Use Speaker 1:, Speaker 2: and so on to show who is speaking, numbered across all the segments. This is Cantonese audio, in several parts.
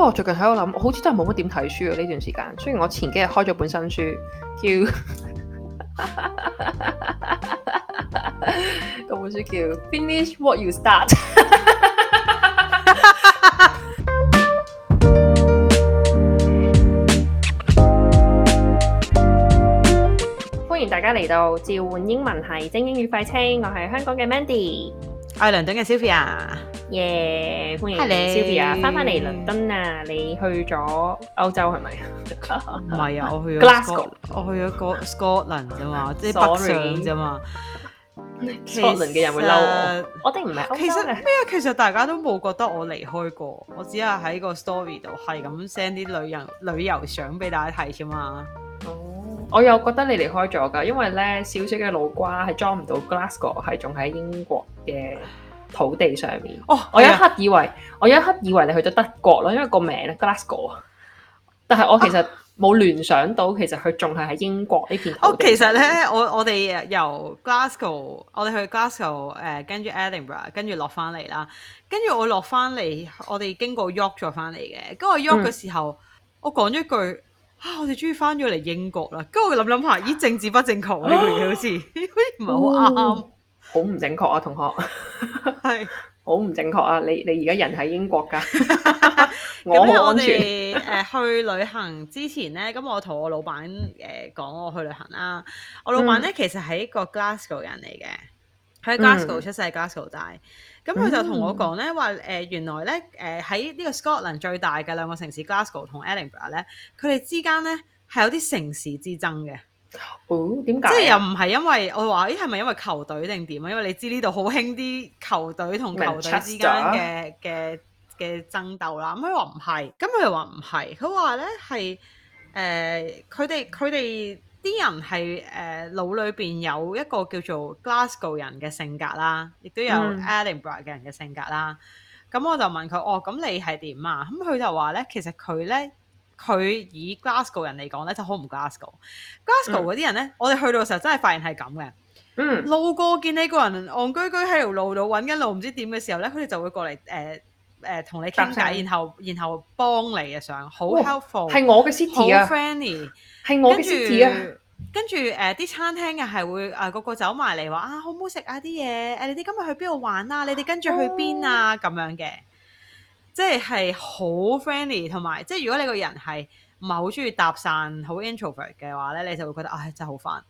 Speaker 1: 不過我最近喺度諗，好似真係冇乜點睇書啊呢段時間。雖然我前幾日開咗本新書，叫本本書叫 Finish What You Start。 歡迎大家嚟到召喚英文係精英與廢青，我係香港嘅 Mandy，
Speaker 2: 我係倫敦嘅 Sylvia。
Speaker 1: 耶！Yeah, 歡迎 Sylvia 翻返嚟倫
Speaker 2: 敦啊！你去咗歐洲係咪？
Speaker 1: 唔係啊，我去
Speaker 2: 咗格拉斯哥，我去咗個 Scotland 啫嘛，即係北上啫嘛。Scotland 嘅人會嬲我，我哋唔係歐洲。其實咩啊？其實大家都冇覺得我離開過，我只係喺個 story 度係咁 send 啲旅遊旅遊相俾大家睇啫嘛。哦，我有覺得你離開咗㗎，因為咧，
Speaker 1: 小小嘅腦瓜係裝唔到 Glasgow 係仲喺英國嘅。土地上面，oh, 我一刻以為的我一刻以為你去咗德國咯，因為個名咧 Glasgow，但係我其實冇聯想到其實佢仲係喺英國呢邊。哦
Speaker 2: ，oh, 其實咧，我我哋由 Glasgow，我哋去 Glasgow，誒、呃、跟住 Edinburgh，跟住落翻嚟啦，跟住我落翻嚟，我哋經過 York 再翻嚟嘅。跟住我 York 嘅時候，嗯、我講咗一句啊，我哋終於翻咗嚟英國啦。跟住我諗諗下，咦，政治不正確呢樣嘢， 你好 似好似唔係
Speaker 1: 好啱啱。 好唔正確啊，同學係好唔正確啊！你你而家人喺英國㗎，咁 我哋
Speaker 2: 誒 去旅行之前咧，咁我同我老闆誒講我去旅行啦。我老闆咧其實係一個 Glasgow 人嚟嘅，喺 Glasgow、嗯、出世，Glasgow 大。咁佢、嗯、就同我講咧話誒，原來咧誒喺呢、呃、個 Scotland 最大嘅兩個城市 Glasgow 同 Edinburgh 咧，佢哋之間咧係有啲城市之爭嘅。
Speaker 1: 哦，點解？即係又唔
Speaker 2: 係因為我話，咦係咪因為球隊定點啊？因為你知呢度好興啲球隊同球隊之間嘅嘅嘅爭鬥啦。咁佢話唔係，咁佢又話唔係。佢話咧係誒，佢哋佢哋啲人係誒、呃、腦裏邊有一個叫做 Glasgow 人嘅性格啦，亦都有 Edinburgh 嘅人嘅性格啦。咁、嗯嗯、我就問佢，哦咁你係點啊？咁、嗯、佢就話咧，其實佢咧。佢以 Glasgow、嗯、人嚟講咧就好唔 Glasgow，Glasgow 嗰啲人咧，我哋去到嘅時候真係發現係咁嘅。嗯、路過見你個人戇居居喺條路度揾緊路唔知點嘅時候咧，佢哋就會過嚟誒誒同你傾偈成，然後然後幫你上，好 helpful，係、哦、我嘅 city 啊，好 friendly，係我嘅 city、啊、跟住誒啲餐廳又係會誒個、呃、個走埋嚟話啊好唔好食啊啲嘢？誒你哋今日去邊度玩啊？你哋跟住去邊啊？咁、哦、樣嘅。即係好 friendly，同埋即係如果你個人係唔係好中意搭訕，好 introvert 嘅話咧，你就會覺得唉、哎、真係好煩。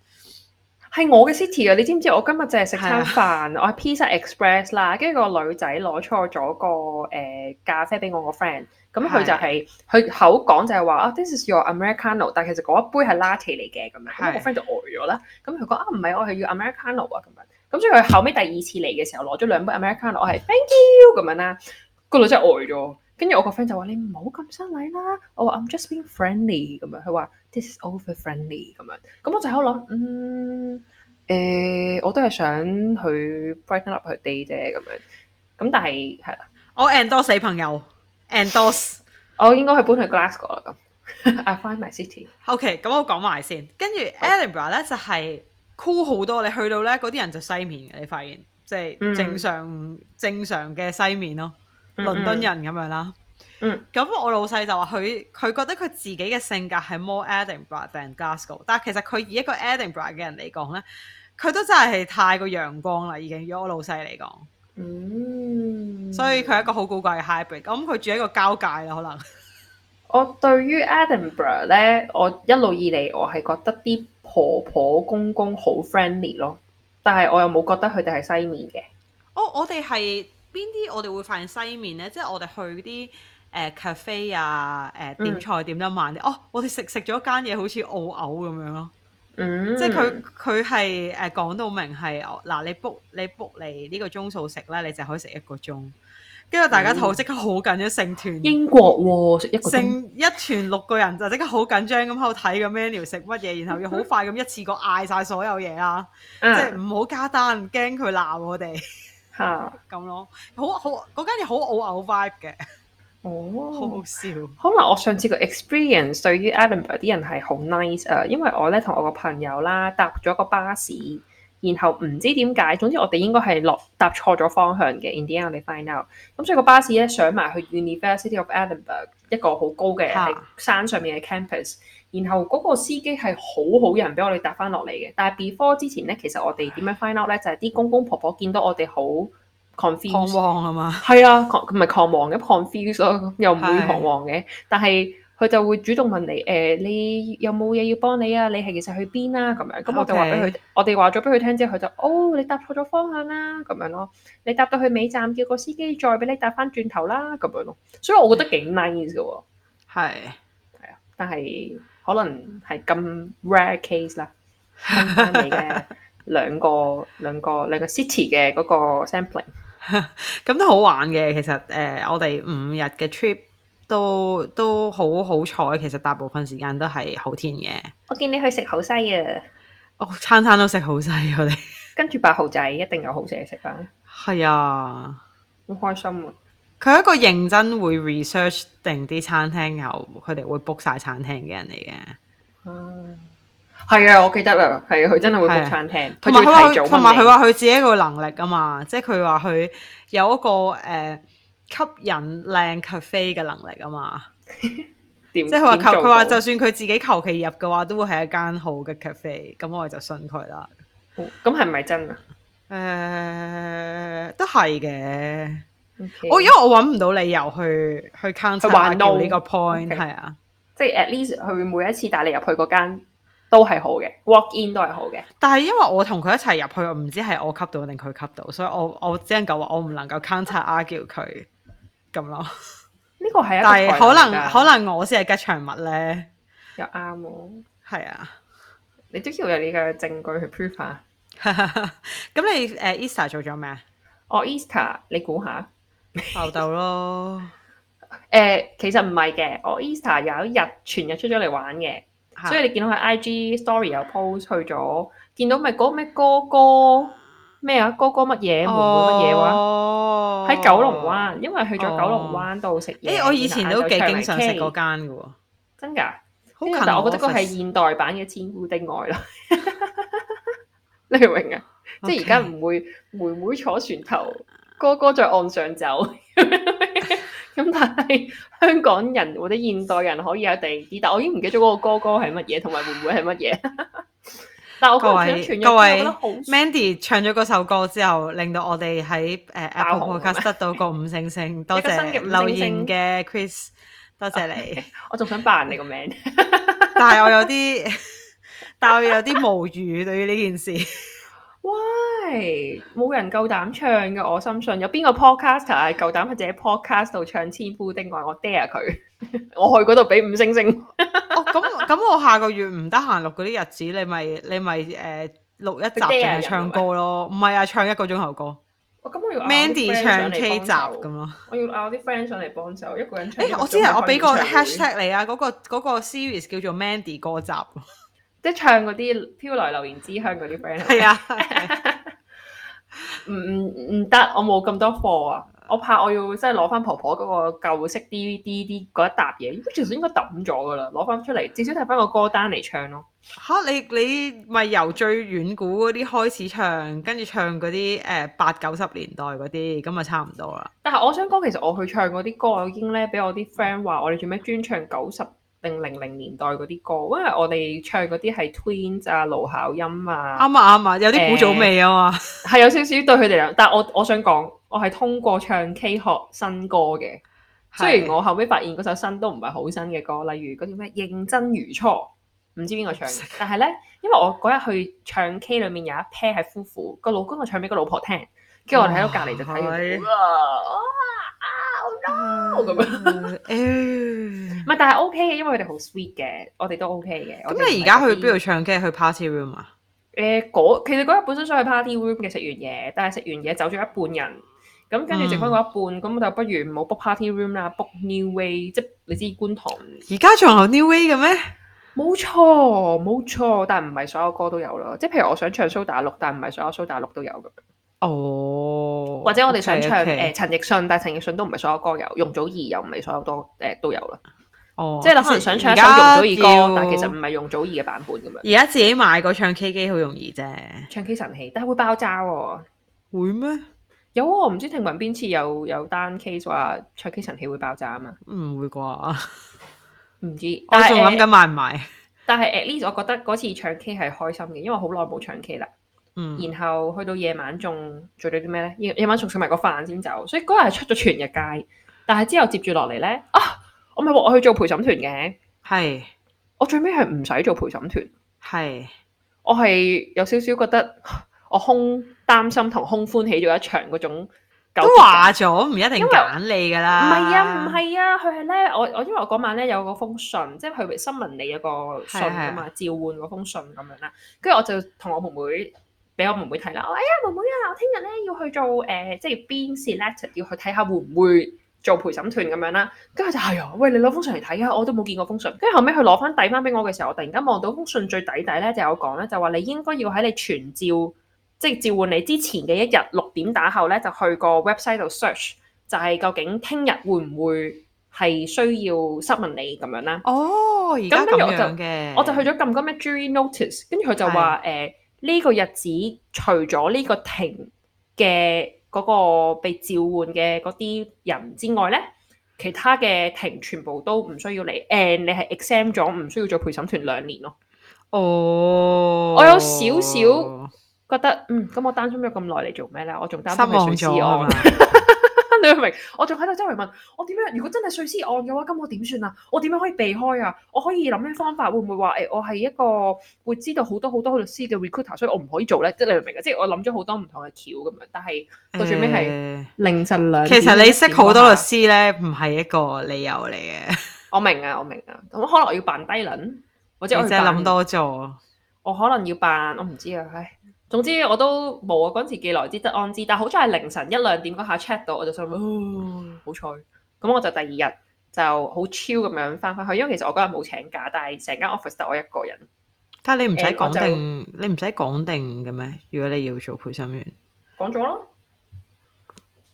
Speaker 1: 係我嘅 city 啊！你知唔知？我今日就係食餐飯，是啊、我係 pizza express 啦。跟住個女仔攞錯咗個誒、呃、咖啡俾我個 friend，咁佢就係、是、佢是、啊、口講就係話啊，this is your americano，但係其實嗰一杯係 latte 嚟嘅咁樣，咁是、啊、我個 friend 就呆咗啦。咁佢講啊，唔係，我係要 americano 啊咁樣。咁所以佢後尾第二次嚟嘅時候，攞咗兩杯 americano，我係 thank you 咁樣啦。個女真呆咗，跟住我個 friend 就話：你唔好咁失禮啦。我話：I'm just being friendly 咁樣。佢話：This is over friendly 咁樣。咁我就喺度諗，嗯誒，我都係想佢 brighten up 佢 day 啫咁樣。咁但係係啦，
Speaker 2: 我 end 多死朋友，end 多，我應該去搬去
Speaker 1: Glasgow 啦咁。 I find my city okay。
Speaker 2: O K，咁我講埋先。跟住 Edinburgh 咧就係 cool 好多。你去到咧，嗰啲人就西面，你發現即係、就是、正常、嗯、正常嘅西面咯。倫敦人咁樣啦，咁、嗯嗯、我老細就話佢佢覺得佢自己嘅性格係 more Edinburgh than Glasgow，但係其實佢以一個 Edinburgh 嘅人嚟講咧，佢都真係係太過陽光啦，已經。以我老細嚟講，嗯、所以佢係一個好古怪嘅 hybrid。咁佢住喺個交界啦，可能。
Speaker 1: 我對於 Edinburgh 咧，我一路以嚟我係覺得啲婆婆公公好 friendly 咯，但係我又冇覺得佢哋係西面嘅。
Speaker 2: 哦，我哋係。邊啲我哋會發現西面咧？即係我哋去啲誒 cafe 啊、誒、呃、點菜點得慢啲、嗯、哦！我哋食食咗間嘢好似澳牛咁樣咯，嗯、即係佢佢係誒講到明係嗱，你 book 你 book 嚟呢個鐘數食啦，你就可以一、嗯哦、食一個鐘。跟住大家頭即刻好緊張，成團英國
Speaker 1: 喎食一個成
Speaker 2: 一團六個人就即刻好緊張咁，喺度睇個 menu 食乜嘢，然後要好快咁一次過嗌晒所有嘢啦、啊，即係唔好加單，驚佢鬧我哋。 吓，咁咯，好好嗰間嘢好歐好 vibe 嘅，哦，好好笑。
Speaker 1: 可能我上次個 experience 對於 Edinburgh 啲人係好 nice 誒，因為我咧同我個朋友啦搭咗個巴士，然後唔知點解，總之我哋應該係落搭錯咗方向嘅，until 我哋 find out。咁所以個巴士咧上埋去 University of Edinburgh 一個好高嘅山上面嘅 campus。然後嗰個司機係好好人，俾我哋搭翻落嚟嘅。但係 before 之前咧，其實我哋點樣 find out 咧，就係啲公公婆婆見到我哋好 confused，嘛，係啊，佢咪狂妄嘅 confused 又唔會狂妄嘅。但係佢就會主動問你誒，eh, 你有冇嘢要幫你啊？你係其實去邊啊？Okay. 咁樣咁我就話俾佢，我哋話咗俾佢聽之後，佢就哦，你搭錯咗方向啦，咁樣咯，你搭到去尾站叫個司機再俾你搭翻轉頭啦，咁樣咯。所以我覺得幾 nice 嘅喎，係係啊，但係。可能係咁 rare case 啦，你嘅兩個 兩個兩個 city 嘅嗰個 sampling，
Speaker 2: 咁 都好玩嘅。其實誒、呃，我哋五日嘅 trip 都都好好彩，其實大部分時間都係好天嘅。
Speaker 1: 我見你去食好西啊，
Speaker 2: 我、哦、餐餐都食好西我，我 哋
Speaker 1: 跟住八號仔一定有好食嘅食飯。
Speaker 2: 係啊，好開心啊！佢一個認真會 research 定啲餐廳後，佢哋會 book 晒餐廳嘅人嚟嘅。係啊，我記得啦。係啊，佢真係會 book 餐廳。同埋佢話，佢自己個能力啊嘛，即係佢話佢有一個誒、呃、吸引靚 cafe 嘅能力啊嘛。
Speaker 1: 即係佢話佢話，就
Speaker 2: 算佢自己求其入嘅話，都會係一間好嘅 cafe。咁我就信佢啦。咁係唔係真啊？誒、呃，都係嘅。我 Okay.、哦、因為我揾唔到理由去去 counter 到呢個 point，係 okay. 啊，
Speaker 1: 即係 at least 佢每一次帶你入去嗰間都係好嘅，walk in 都係好嘅。
Speaker 2: 但係因為我同佢一齊入去，唔知係我吸到定佢吸到，所以我我只能夠話我唔能夠 counter argue 佢咁咯。
Speaker 1: 呢 個係 但係可能可
Speaker 2: 能我先係吉祥物咧，又啱喎、哦，係啊，
Speaker 1: 你都要有你嘅證據去 prove 咁。你誒、uh，Easter 做咗咩啊？我、oh, Easter，你估下？爆痘咯！誒、 呃，其實唔係嘅，我 Easter 有一日全日出咗嚟玩嘅，的所以你見到佢 IG story 又 post 去咗，見到咪嗰個咩哥哥咩啊哥哥乜嘢妹妹乜嘢話，喺九龍灣，因為去咗九龍灣度食嘢。誒、哦欸，我以前都幾經常食嗰
Speaker 2: 間嘅喎，真
Speaker 1: 㗎！好，
Speaker 2: 近但係我覺得嗰係現
Speaker 1: 代版嘅縴夫的愛咯。 你明啊？Okay. 即係而家唔會妹妹坐船頭，哥哥在岸上走，咁 但係香港人或者現代人可以有地啲，但我已經唔記得嗰個哥哥係乜嘢，同埋會唔會係乜嘢？
Speaker 2: 但我，我覺得，各位 Mandy 唱咗嗰首歌之後，令到我哋喺誒 Apple Podcast 得到個五星星，多謝星星留言嘅 Chris，多謝你。Okay, 我仲想扮你個名， 但係我有啲，但係我有啲無語對於呢件事。
Speaker 1: 喂，冇人夠膽唱㗎，我深信有邊個 podcaster 係夠膽喺自己 podcast 度唱千夫丁，我 dare 佢， 我去嗰度俾五星星 、
Speaker 2: oh，。咁咁，我下個月唔得閒錄嗰啲日子，你咪你咪誒、uh, 錄一集淨係唱歌咯，唔係 dare 啊，唱一個鐘頭歌。咁、哦、我要 Mandy 唱 K 集咁咯。我要嗌
Speaker 1: 我啲 friend 上嚟幫手，一個人唱。誒，我知啊，我、那、俾個 hashtag
Speaker 2: 你啊，嗰、那個嗰個 series 叫做 Mandy 歌集。即係唱嗰啲《飄來流言之鄉》嗰啲 friend，
Speaker 1: 係啊，唔唔唔得，我冇咁多貨啊，我怕我要真係攞翻婆婆嗰個舊式 DVD 啲嗰一沓嘢，其實應該至少應該抌咗噶啦，攞翻出嚟至少睇翻個歌
Speaker 2: 單嚟唱咯。嚇，你你咪由最遠古嗰啲開始唱，跟住唱嗰啲誒八九十年代嗰啲，咁啊差唔多啦。
Speaker 1: 但係我想講，其實我去唱嗰啲歌，我已經咧俾我啲 friend 話，我哋做咩專唱九十？定零零年代嗰啲歌，因為我哋唱嗰啲係 twins 啊、盧巧音啊，啱啊啱
Speaker 2: 啊，嗯、有啲古早味啊嘛，係、
Speaker 1: 呃、有少少對佢哋兩，但我我想講，我係通過唱 K 學新歌嘅，是雖然我後尾發現嗰首新都唔係好新嘅歌，例如嗰啲咩認真如初，唔知邊個唱，的但係咧，因為我嗰日去唱 K 裏面有一 pair 係夫婦，個老公就唱俾個老婆聽，跟
Speaker 2: 住我哋喺度隔籬就
Speaker 1: 睇。哎呀哇哦，咁啊，唔係，但係 O K 嘅，因為佢哋好 sweet 嘅，我哋都 O K 嘅。咁你而家去邊度
Speaker 2: 唱 K？去 party room 啊，呃？誒，
Speaker 1: 其實嗰日本身想去 party room 嘅，食完嘢，但係食完嘢走咗一半人，咁跟住剩翻嗰一半，咁、嗯、就不如唔好 book party room 啦，book new way，即係你知觀塘。
Speaker 2: 而家仲有 new
Speaker 1: way 嘅咩？冇錯，冇錯，但係唔係所有歌都有咯，即係譬如我想唱蘇打綠，但係唔係所有蘇打綠都有嘅。哦，oh, 或者我哋想唱誒陳 okay, okay.、呃、奕迅，但係陳奕迅都唔係所有歌有，容祖兒又唔係所有歌誒、呃、都有啦。哦、oh, 是，即係你可能想唱一首容祖兒歌，但係其實唔係容祖兒嘅版本咁樣。而家自己買個
Speaker 2: 唱 K 機好容易啫，
Speaker 1: 唱 K 神器，但係會爆炸喎、啊。會咩嗎、哦？有啊，唔知聽聞邊次有有單 case 話唱 K 神器會爆炸啊嘛？唔會啩？唔 知，我仲諗緊買唔買？但係、呃、at least，我覺得嗰次唱 K 係開心嘅，因為好耐冇唱 K 啦。然後去到夜晚仲做咗啲咩咧？夜晚仲食埋個飯先走，所以嗰日係出咗全日街。但係之後接住落嚟咧，啊，我咪話我去做陪審團嘅，係是我最尾係唔使做陪審團，係是我係有少少覺得我空擔心同空歡喜咗一場嗰種。咁話咗唔一定揀
Speaker 2: 你噶啦唔係啊，唔係
Speaker 1: 啊，佢係咧，我我因為我嗰晚咧有個封信，即係佢新聞你有個信啊嘛，是是召喚嗰封信咁樣啦，跟住我就同我妹妹，妹。俾我妹妹睇啦！我，哎呀妹妹啊，我聽日咧要去做誒、呃，即係 being selected 要去睇下會唔會做陪審團咁樣啦。跟住就係啊、哎，喂，你攞封信嚟睇啊！我都冇見過封信。跟住後尾佢攞翻遞翻俾我嘅時候，我突然間望到封信最底底咧就有講咧，就話、是就是、你應該要喺你傳召，即係召喚你之前嘅一日六點打後咧，就去個 website 度 search，就係、是、究竟聽日會唔會係需要質問你咁樣咧？哦，咁跟住我就……我就去咗撳個咩 jury notice，跟住佢就話誒。呢個日子，除咗呢個庭嘅嗰個被召喚嘅嗰啲人之外咧，其他嘅庭全部都唔需要嚟。誒，你係 exempt 咗，唔需要做陪審團兩年咯。哦、oh，我有少少覺得，嗯，咁我擔心咗咁耐嚟做咩咧？我仲擔心係徇私 你明？我仲喺度周圍問，我點樣？如果真係碎屍案嘅話，咁我點算啊？我點樣可以避開啊？我可以諗咩方法？會唔會話誒、欸？我係一個會知道好多好多，多律師嘅 recruiter，所以我唔可以做咧。即係你明噶？即係我諗咗好多唔同嘅橋咁樣，但係到最尾係零稅率。其實你識好多律
Speaker 2: 師咧，唔係一個理由嚟
Speaker 1: 嘅。。 我明啊，我明啊。咁可能要扮低能，或者我諗多咗。我可能要扮，我唔知啊。唉總之我都冇啊！嗰陣時既來之則安之，但係好在係凌晨一兩點嗰下 check 到，我就想，哦、好彩！咁我就第二日就好 chill 咁樣翻返去，因為其實我嗰日冇請假，但係成間 office 得我一個人。
Speaker 2: 但係你唔使講定，你唔使講定嘅咩？如果你要做陪審員，
Speaker 1: 講咗啦，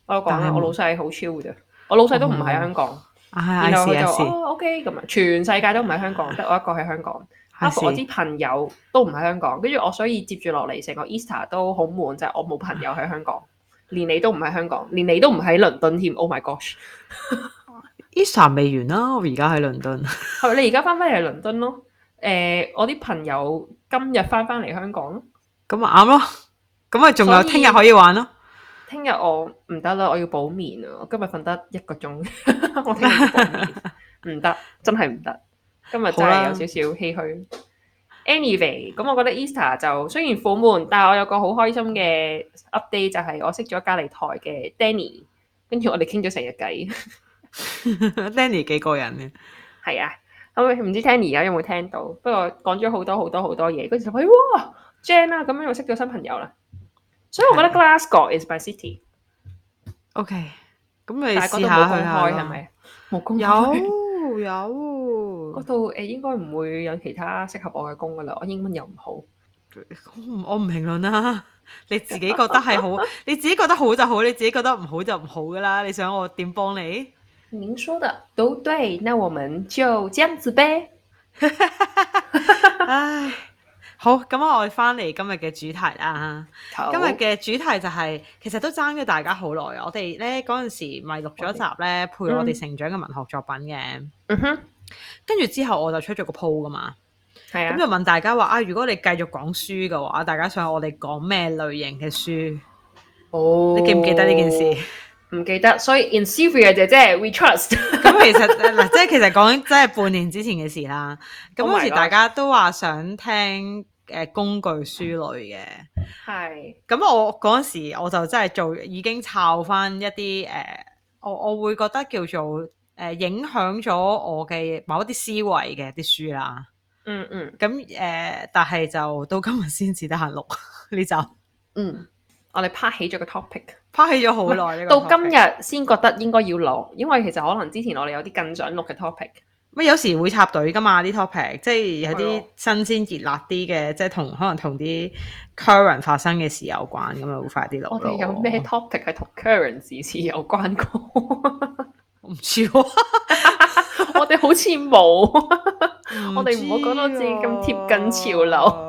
Speaker 1: 我講啦是，我老細好 chill 嘅咋？我老細都唔喺香港，
Speaker 2: 嗯啊啊、然後就試試、
Speaker 1: 哦、OK 咁啊，全世界都唔喺香港，得 我一個喺香港。我啲朋友都唔喺香港，跟住我所以接住落嚟成個 Easter 都好悶，就係、是、我冇朋友喺香港，連你都唔喺香港，連你都唔喺倫敦添。
Speaker 2: Oh my gosh！Easter 未完啦、啊，我而家喺倫敦。
Speaker 1: 係咪你而家翻返嚟倫敦咯？誒、呃，我啲朋友今日翻返嚟香港咯。
Speaker 2: 咁咪啱咯，咁咪仲有聽日可以玩咯。
Speaker 1: 聽日我唔得啦，我要補眠啊！我今日瞓得一個鐘， 我聽日補眠唔得， 真係唔得。今日真係有少少唏嘘。Anyway，咁我覺得 Easter 就雖然苦悶，但係我有個好開心嘅 update，就係我識咗隔離台嘅 Danny，跟住我哋傾咗成日偈。
Speaker 2: Danny 幾個人
Speaker 1: 嘅，係啊，咁唔知 Danny 而家有冇聽到？不過講咗好多好多好多嘢，嗰時就話哇，Jane 啦，咁樣又識咗新朋友啦。所以我覺得 Glasgow is my city。
Speaker 2: OK，
Speaker 1: 咁你試下去
Speaker 2: 下係咪？有有。嗰度誒，
Speaker 1: 應該唔會有其他適合我嘅工噶啦。我英文又唔好，
Speaker 2: 我唔評論啦。你自己覺得係好， 你自己覺得好就好，你自己覺得唔好就唔好噶啦。你想我點幫你？您說的都對，那我們就這樣子唄。 唉，好，咁我哋翻嚟今日嘅主題啦。好今日嘅主題就係、是，其實都爭咗大家好耐啊。我哋咧嗰陣時咪錄咗一集咧，陪咗我哋成長嘅文學作品嘅。嗯.跟住之後我就出咗個 po 噶嘛，係啊，咁就問大家話啊，如果你繼續講書嘅話，大家想我哋講咩類型嘅書？哦，oh，你記唔記得呢件事？唔、哦、記得，所以 in Sylvia 姐姐，we trust。咁 其實嗱，即係其實講，即係半年之前嘅事啦。
Speaker 1: 咁嗰 時大家
Speaker 2: 都話想聽誒、呃、工具書類嘅，係、oh。咁我嗰時我就真係做已經抄翻一啲誒、呃，我我會覺得叫做。誒，影響咗我嘅某一啲思維嘅啲書啦，嗯，嗯嗯，咁誒、呃，但係就到今日先至得閒錄，呢集，嗯，
Speaker 1: 我哋拍起咗個 topic，拍起咗好耐， 到今
Speaker 2: 日先覺得應該要錄，因為其實可能之前我哋有啲更想錄嘅 topic，乜、嗯、有時會插隊噶嘛啲 topic，即係有啲新鮮熱辣啲嘅，即係同的可能同啲 current 發生嘅事有關，咁啊會快啲錄。我哋有咩 topic 係同 current 事事有關噶？
Speaker 1: 唔似， 我哋好似冇。
Speaker 2: 我哋唔好講到自己咁貼近潮流。誒、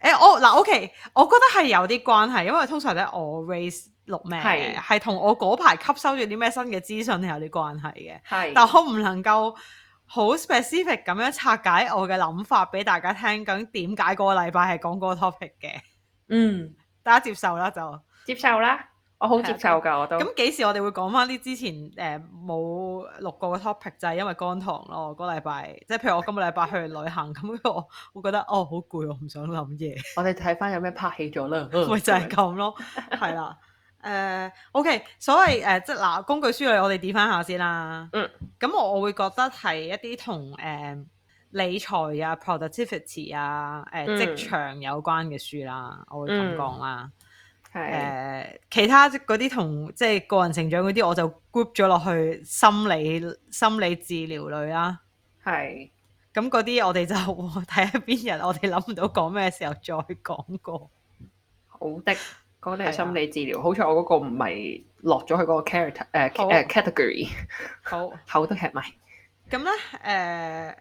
Speaker 2: 欸，我嗱，O K，我覺得係有啲關係，因為通常咧，what, 是我 raise 錄命係，係同我嗰排吸收咗啲咩新嘅資訊係有啲關係嘅。係是，但係我唔能夠好 specific 咁樣拆解我嘅諗法俾大家聽，咁點解個禮拜係講嗰個 topic 嘅？嗯，大家接受啦就接受啦。我、哦、好接受噶，我都咁幾、嗯、時我哋會講翻啲之前誒冇錄過嘅 topic，就係因為乾堂咯，個禮拜即係譬如我今個禮拜去旅行咁，我會覺得哦好攰，我唔想諗嘢。我哋睇
Speaker 1: 翻有咩拍戲咗
Speaker 2: 啦，咪就係咁咯，係啦。誒，OK，所謂誒，即係嗱，工具書嚟，我哋點翻下先啦。嗯。咁我我會覺得係一啲同誒理財啊、productivity 啊、誒職場有關嘅書啦，嗯、我會咁講啦。誒，uh, 其他嗰啲同即係個人成長嗰啲，我就 group 咗落去心理心理治療類啦。係是，咁嗰啲我哋就睇下邊日我哋諗唔到講咩時候再講過。
Speaker 1: 好的，講你係心理治療。啊、好彩我嗰個唔係落咗去嗰個 character 誒、uh, 誒好、uh, category。 好的，後都吃埋。
Speaker 2: 咁咧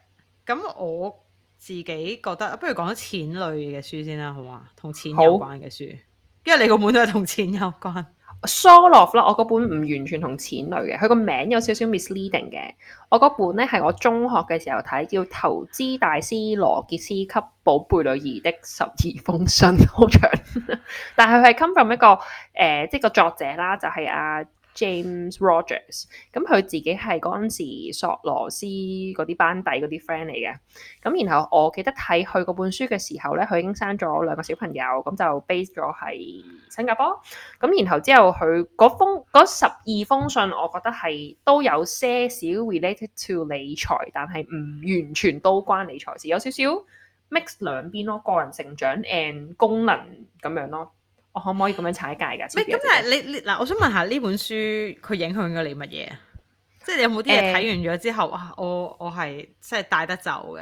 Speaker 2: 誒，咁我自己覺得，不如講錢類嘅書先啦，好嘛？同錢有關嘅書。因為你個本都係同錢有關。Scholar 啦，我嗰本
Speaker 1: 唔完全同錢類嘅，佢個名有少少 misleading 嘅。我嗰本咧係我中學嘅時候睇，叫《投資大師羅傑斯給寶貝女兒的十二封信》，好長。 但係佢係 come from 一個誒、呃，即係個作者啦，就係、是、阿、啊。James Rogers，咁佢自己係嗰陣時索羅斯嗰啲班底嗰啲 friend 嚟嘅，咁然後我記得睇佢嗰本書嘅時候咧，佢已經生咗兩個小朋友，咁就 base 咗喺新加坡，咁然後之後佢嗰封嗰十二封信，我覺得係都有些少 related to 理財，但係唔完全都關理財事，有少少 mix 兩邊咯，個人成長 and 功
Speaker 2: 能咁樣咯。我可唔可以咁樣踩界㗎？唔係咁，但係、就是、你你嗱，我想問下呢本書佢影響咗你乜嘢？即係你有冇啲嘢睇完咗之後，哇、呃！我我係即係帶得走嘅。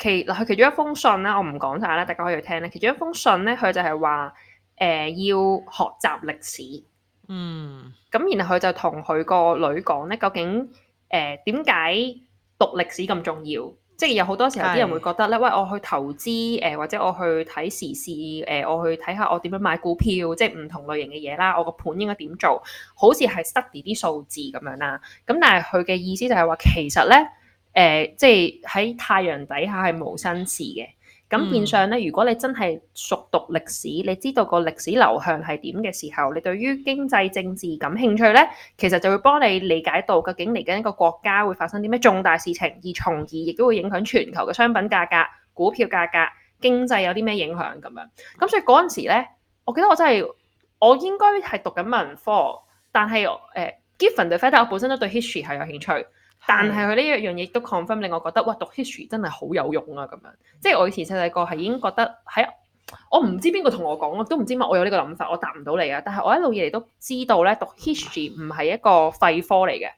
Speaker 1: 其嗱，佢其中一封信咧，我唔講晒啦，大家可以聽咧。其中一封信咧，佢就係話誒要學習歷史。
Speaker 2: 嗯。
Speaker 1: 咁然後佢就同佢個女講咧，究竟誒點解讀歷史咁重要？即係有好多時候啲人會覺得咧，是喂，我去投資誒、呃，或者我去睇時事誒、呃，我去睇下我點樣買股票，即係唔同類型嘅嘢啦。我個盤應該點做？好似係 study 啲數字咁樣啦。咁但係佢嘅意思就係話，其實咧誒、呃，即係喺太陽底下係無新事嘅。咁變相咧，如果你真係熟讀歷史，你知道個歷史流向係點嘅時候，你對於經濟政治感興趣咧，其實就會幫你理解到究竟嚟緊一個國家會發生啲咩重大事情，而從而亦都會影響全球嘅商品價格、股票價格、經濟有啲咩影響咁樣。咁所以嗰陣時咧，我記得我真係我應該係讀緊文科，但係誒，uh，given the fact，但係我本身都對 History 係有興趣。但係佢呢一樣嘢都 confirm 令我覺得，哇！讀 history 真係好有用啊，咁樣，即係我以前細細個係已經覺得，係我唔知邊個同我講我都唔知乜，我有呢個諗法，我答唔到你啊。但係我一路以嚟都知道咧，讀 history 唔係一個廢科嚟嘅，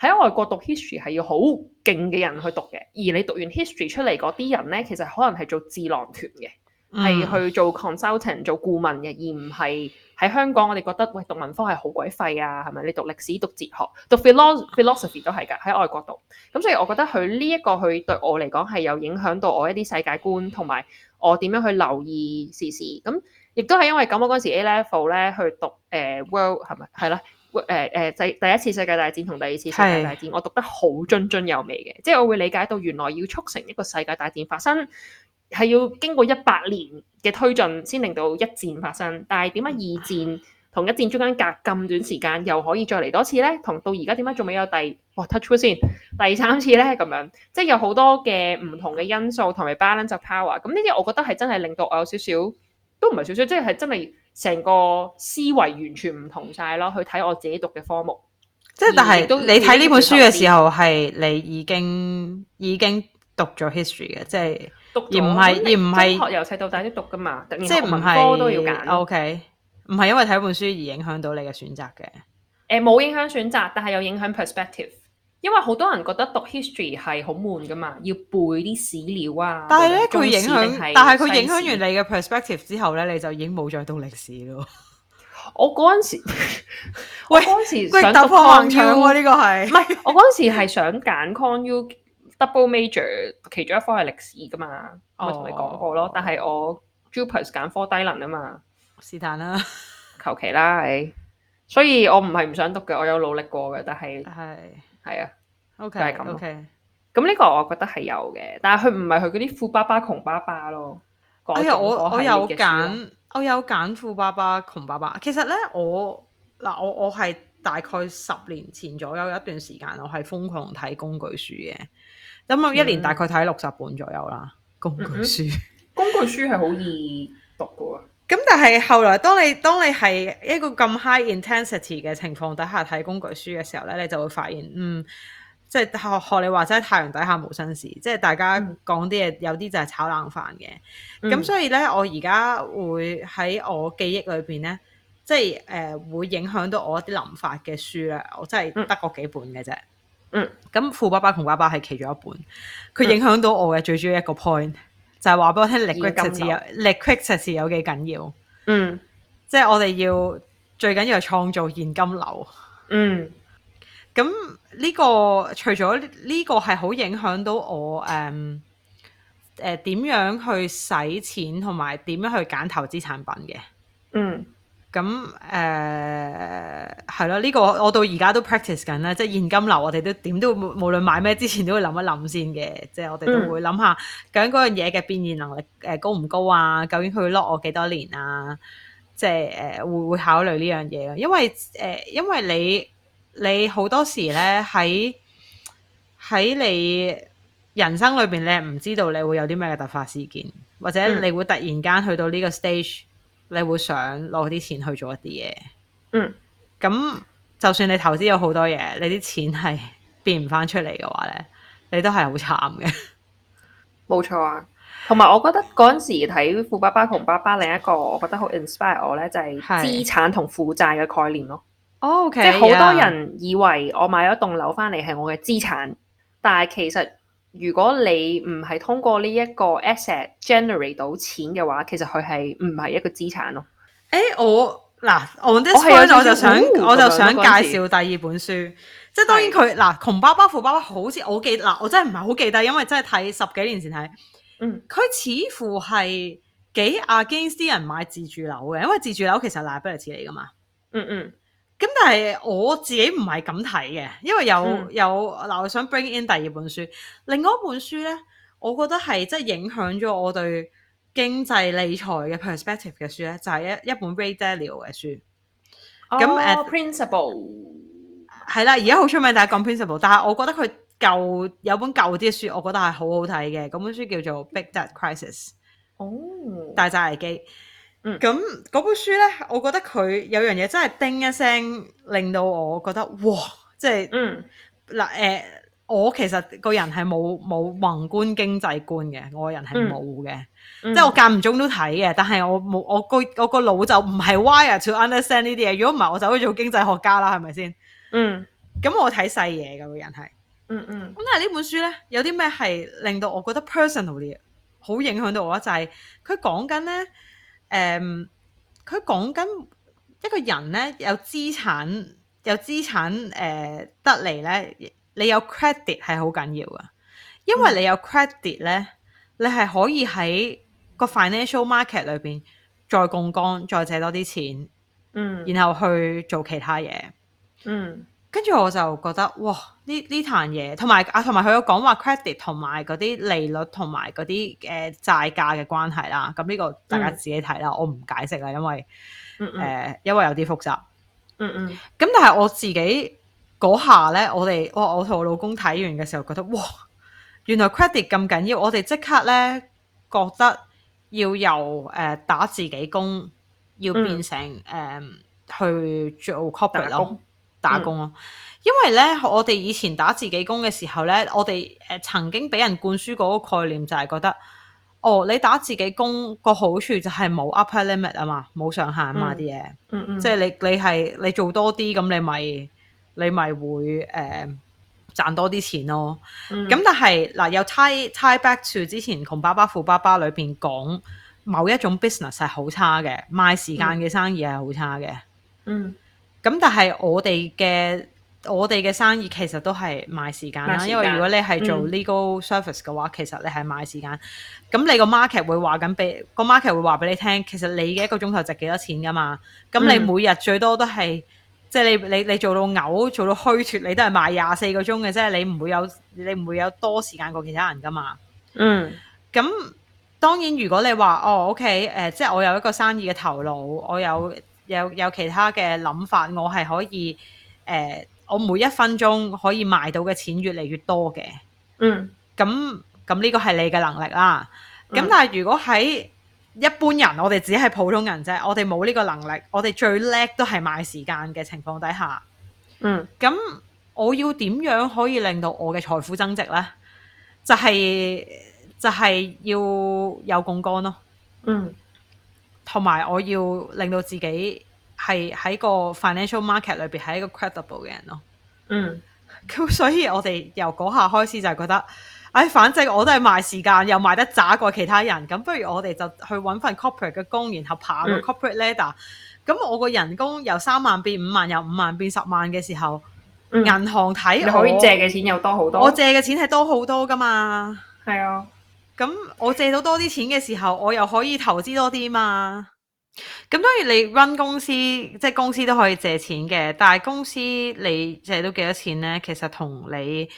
Speaker 1: 喺外國讀 history 係要好勁嘅人去讀嘅，而你讀完 history 出嚟嗰啲人咧，其實可能係做智囊團嘅。係去做 consultant 做顧問嘅，而唔係喺香港。我哋覺得喂，讀文科係好鬼廢啊，係咪？你讀歷史、讀哲學、讀 philosophy 都係㗎，喺外國讀。咁所以我覺得佢呢一個佢對我嚟講係有影響到我一啲世界觀同埋我點樣去留意時事。咁亦都係因為咁，我嗰陣時 A level 咧去讀誒、呃、World 係咪係啦？誒誒第第一次世界大戰同第二次世界大戰，是我讀得好津津有味嘅，即係我會理解到原來要促成一個世界大戰發生。係要經過一百年嘅推進先，令到一戰發生。但係點解二戰同一戰中間隔咁短時間，又可以再嚟多次咧？同到而家點解仲未有第哇 touch 先第三次咧？咁樣即係有好多嘅唔同嘅因素同埋 balance of power。咁呢啲我覺得係真係令到我有少少，都唔係少少，即係係真係成個思維完全唔同晒咯。去睇我自己讀嘅科目，即係但係是都你睇呢本書嘅時候
Speaker 2: 係你已經已經讀咗 history 嘅，即係。而唔係，而唔係學由
Speaker 1: 細到大都讀噶嘛，即係唔係，科都要
Speaker 2: 揀。OK，唔係因為睇本書而影響到你嘅選擇嘅。誒，冇
Speaker 1: 影響選擇，但係有影響 perspective。因為好多人覺得讀 history 係好悶噶嘛，要背啲史料
Speaker 2: 啊。但係咧，佢影響，但係佢影響完你嘅 perspective 之後咧，你就已經冇再讀歷史咯。我嗰陣時，喂，
Speaker 1: 嗰陣時突破盲腸喎，呢個係，唔係我嗰陣時係想揀 con u。Double major，其中一科係歷史㗎嘛，我同、oh。你講過咯。但係我 JUPAS 揀科低能啊嘛，是但啦，求其啦，所以，我唔係唔想讀嘅，我有努力過嘅，但係係係啊，OK 咁。OK，咁呢個我覺得係有嘅，但係佢唔係佢嗰啲富爸爸窮爸爸咯。係、哎、我我有揀，
Speaker 2: 我有揀富爸爸窮爸爸。其實咧，我嗱我我係大概十年前左右一段時間，我係瘋狂睇工具書嘅。咁我一年大概睇六十本左右啦。工具書，工具書係好易讀嘅。咁 但係後來，當你當你係一個咁 high intensity 嘅情況底下睇工具書嘅時候咧，你就會發現，嗯，即係學學你話齋，太陽底下無新事，即係大家講啲嘢有啲就係炒冷飯嘅。咁、嗯、所以咧，我而家會喺我記憶裏邊咧，即係誒會影響到我一啲諗法嘅書咧，我真係得嗰幾本嘅啫。嗯嗯。嗯，咁富爸爸窮爸爸係其中一本，佢影響到我嘅、嗯、最主要一個 point 就係話俾我聽 liquidity liquidity 有幾緊要，嗯，即係我哋要最緊要係創造現金流，嗯，咁呢個除咗呢個係好影響到我誒誒點樣去使錢同埋點樣去揀投資產品嘅，嗯。咁誒係咯，呢、呃呢個我到而家都 practice 緊喇，即係現金流我，我哋都點都無論買咩之前都會諗一諗先嘅，即係我哋都會諗下究竟嗰樣嘢嘅變現能力誒高唔高啊？究竟佢會 lock 我幾多年啊？即係誒會會考慮呢樣嘢啊，因為誒、呃、因為你你好多時咧喺喺你人生裏邊，你唔知道你會有啲咩突發事件，或者你會突然間去到呢個 stage、嗯。你會想攞啲錢去做一啲嘢，嗯，咁就算你投資有好多嘢，你啲錢係變唔翻出嚟嘅話咧，你都係好慘嘅。
Speaker 1: 冇錯啊，同埋我覺得嗰陣時睇富爸爸窮爸爸，另一個我覺得好 inspire 我咧，就係、是、資產同負債嘅概念咯。
Speaker 2: 哦，即係好多人
Speaker 1: 以為我買咗棟樓翻嚟係我嘅資產，但係其實。如果你唔係通過呢一個 asset generate 到錢嘅話，其實佢係唔係一個資產咯。誒、
Speaker 2: 欸，我嗱，我呢、哦、我就想，哦、我就想介紹第二本書。即係當然佢嗱，窮爸爸富爸爸好，好似我記嗱，我真係唔係好記得，因為真係睇十幾年前睇。嗯，佢似乎係幾 against 啲人買自住樓嘅，因為自住樓其實係 liability 嚟㗎嘛。嗯嗯。嗯.咁但係我自己唔係咁睇嘅，因為有有嗱，我想 bring in 第二本書。嗯、另外一本書咧，我覺得係即係影響咗我對經濟理財嘅 perspective 嘅書咧，就係、是、一一本 Ray Dalio 嘅書。哦那、啊
Speaker 1: ，Principle
Speaker 2: 係啦，而家好出名，大家講 Principle，但係我覺得佢舊有本舊啲嘅書，我覺得係好好睇嘅。嗰本書叫做《Big Debt Crisis》。哦，大債危機。嗯，咁嗰本書咧，我覺得佢有樣嘢真係叮一聲，令到我覺得哇，即係嗯嗱誒、呃，我其實個人係冇冇宏觀經濟觀嘅，我個人係冇嘅，嗯嗯、即係我間唔中都睇嘅，但係我冇我個我個腦就唔係 wire to understand 呢啲嘢，如果唔係我走去做經濟學家啦，係咪先？嗯，咁我睇細嘢咁嘅個人係，嗯嗯。咁但係呢本書咧，有啲咩係令到我覺得 personally 好影響到我咧，就係佢講緊咧。誒，佢講緊一個人咧，有資產，有資產誒、呃、得嚟咧，你有 credit 係好緊要㗎，因為你有 credit 咧，你係可以喺個 financial market 裏邊再槓桿，再借多啲錢，嗯，然後去做其他嘢，嗯。跟住我就覺得哇！呢呢壇嘢同埋啊，同埋佢有講話 credit 同埋嗰啲利率同埋嗰啲誒債價嘅關係啦。咁、這、呢個大家自己睇啦，嗯、我唔解釋啦，因為誒、呃、因為有啲複雜。嗯嗯。咁、嗯、但係我自己嗰下咧，我哋我我同我老公睇完嘅時候，覺得哇！原來 credit 咁緊要，我哋即刻咧覺得要由誒、呃、打自己工，要變成誒、嗯呃、去做 copy 咯。打工咯、啊，因為咧，我哋以前打自己工嘅時候咧，我哋誒、呃、曾經俾人灌輸嗰個概念就係覺得，哦，你打自己工個好處就係冇 upper limit 啊嘛，冇上限啊嘛，啲嘢，嗯嗯、即係你你係你做多啲咁，你咪你咪會誒賺、呃、多啲錢咯。咁、嗯、但係嗱，又 tie, tie back to 之前窮爸爸富爸爸裏邊講某一種 business 係好差嘅，賣時間嘅生意係好差嘅，嗯，嗯。咁但係我哋嘅我哋嘅生意其實都係賣時間啦，賣時間，因為如果你係做 legal service 嘅話，嗯、其實你係賣時間。咁你個 market 會話緊俾個 market 會話俾你聽，其實你嘅一個鐘頭值幾多錢噶嘛？咁你每日最多都係、嗯、即係你你你做到嘔做到虛脫，你都係賣廿四個鐘嘅啫，你唔會有你唔會有多時間過其他人噶嘛？嗯。咁當然如果你話哦，OK，誒、呃，即係我有一個生意嘅頭腦，我有。有有其他嘅諗法，我係可以誒、呃，我每一分鐘可以賣到嘅錢越嚟越多嘅。嗯，咁咁呢個係你嘅能力啦。咁、嗯、但係如果喺一般人，我哋只係普通人啫，我哋冇呢個能力，我哋最叻都係賣時間嘅情況底下。嗯，咁我要點樣可以令到我嘅財富增值呢？就係、是、就係、是、要有槓桿咯。嗯。同埋我要令到自己係喺個 financial market 裏邊係一個 credible 嘅人咯。嗯，咁 所以我哋由嗰下開始就係覺得，唉、哎，反正我都係賣時間，又賣得渣過其他人，咁不如我哋就去揾份 corporate 嘅工，然後爬到、嗯、corporate ladder。咁我個人工由三萬變五萬，由五萬變十萬嘅時候，嗯、銀行睇可以借嘅錢又多好多，我借嘅錢係多好多㗎嘛。係啊、嗯。咁我借到多啲錢嘅時候，我又可以投資多啲嘛。咁當然你 run 公司，即係公司都可以借錢嘅，但係公司你借到幾多錢呢？其實同你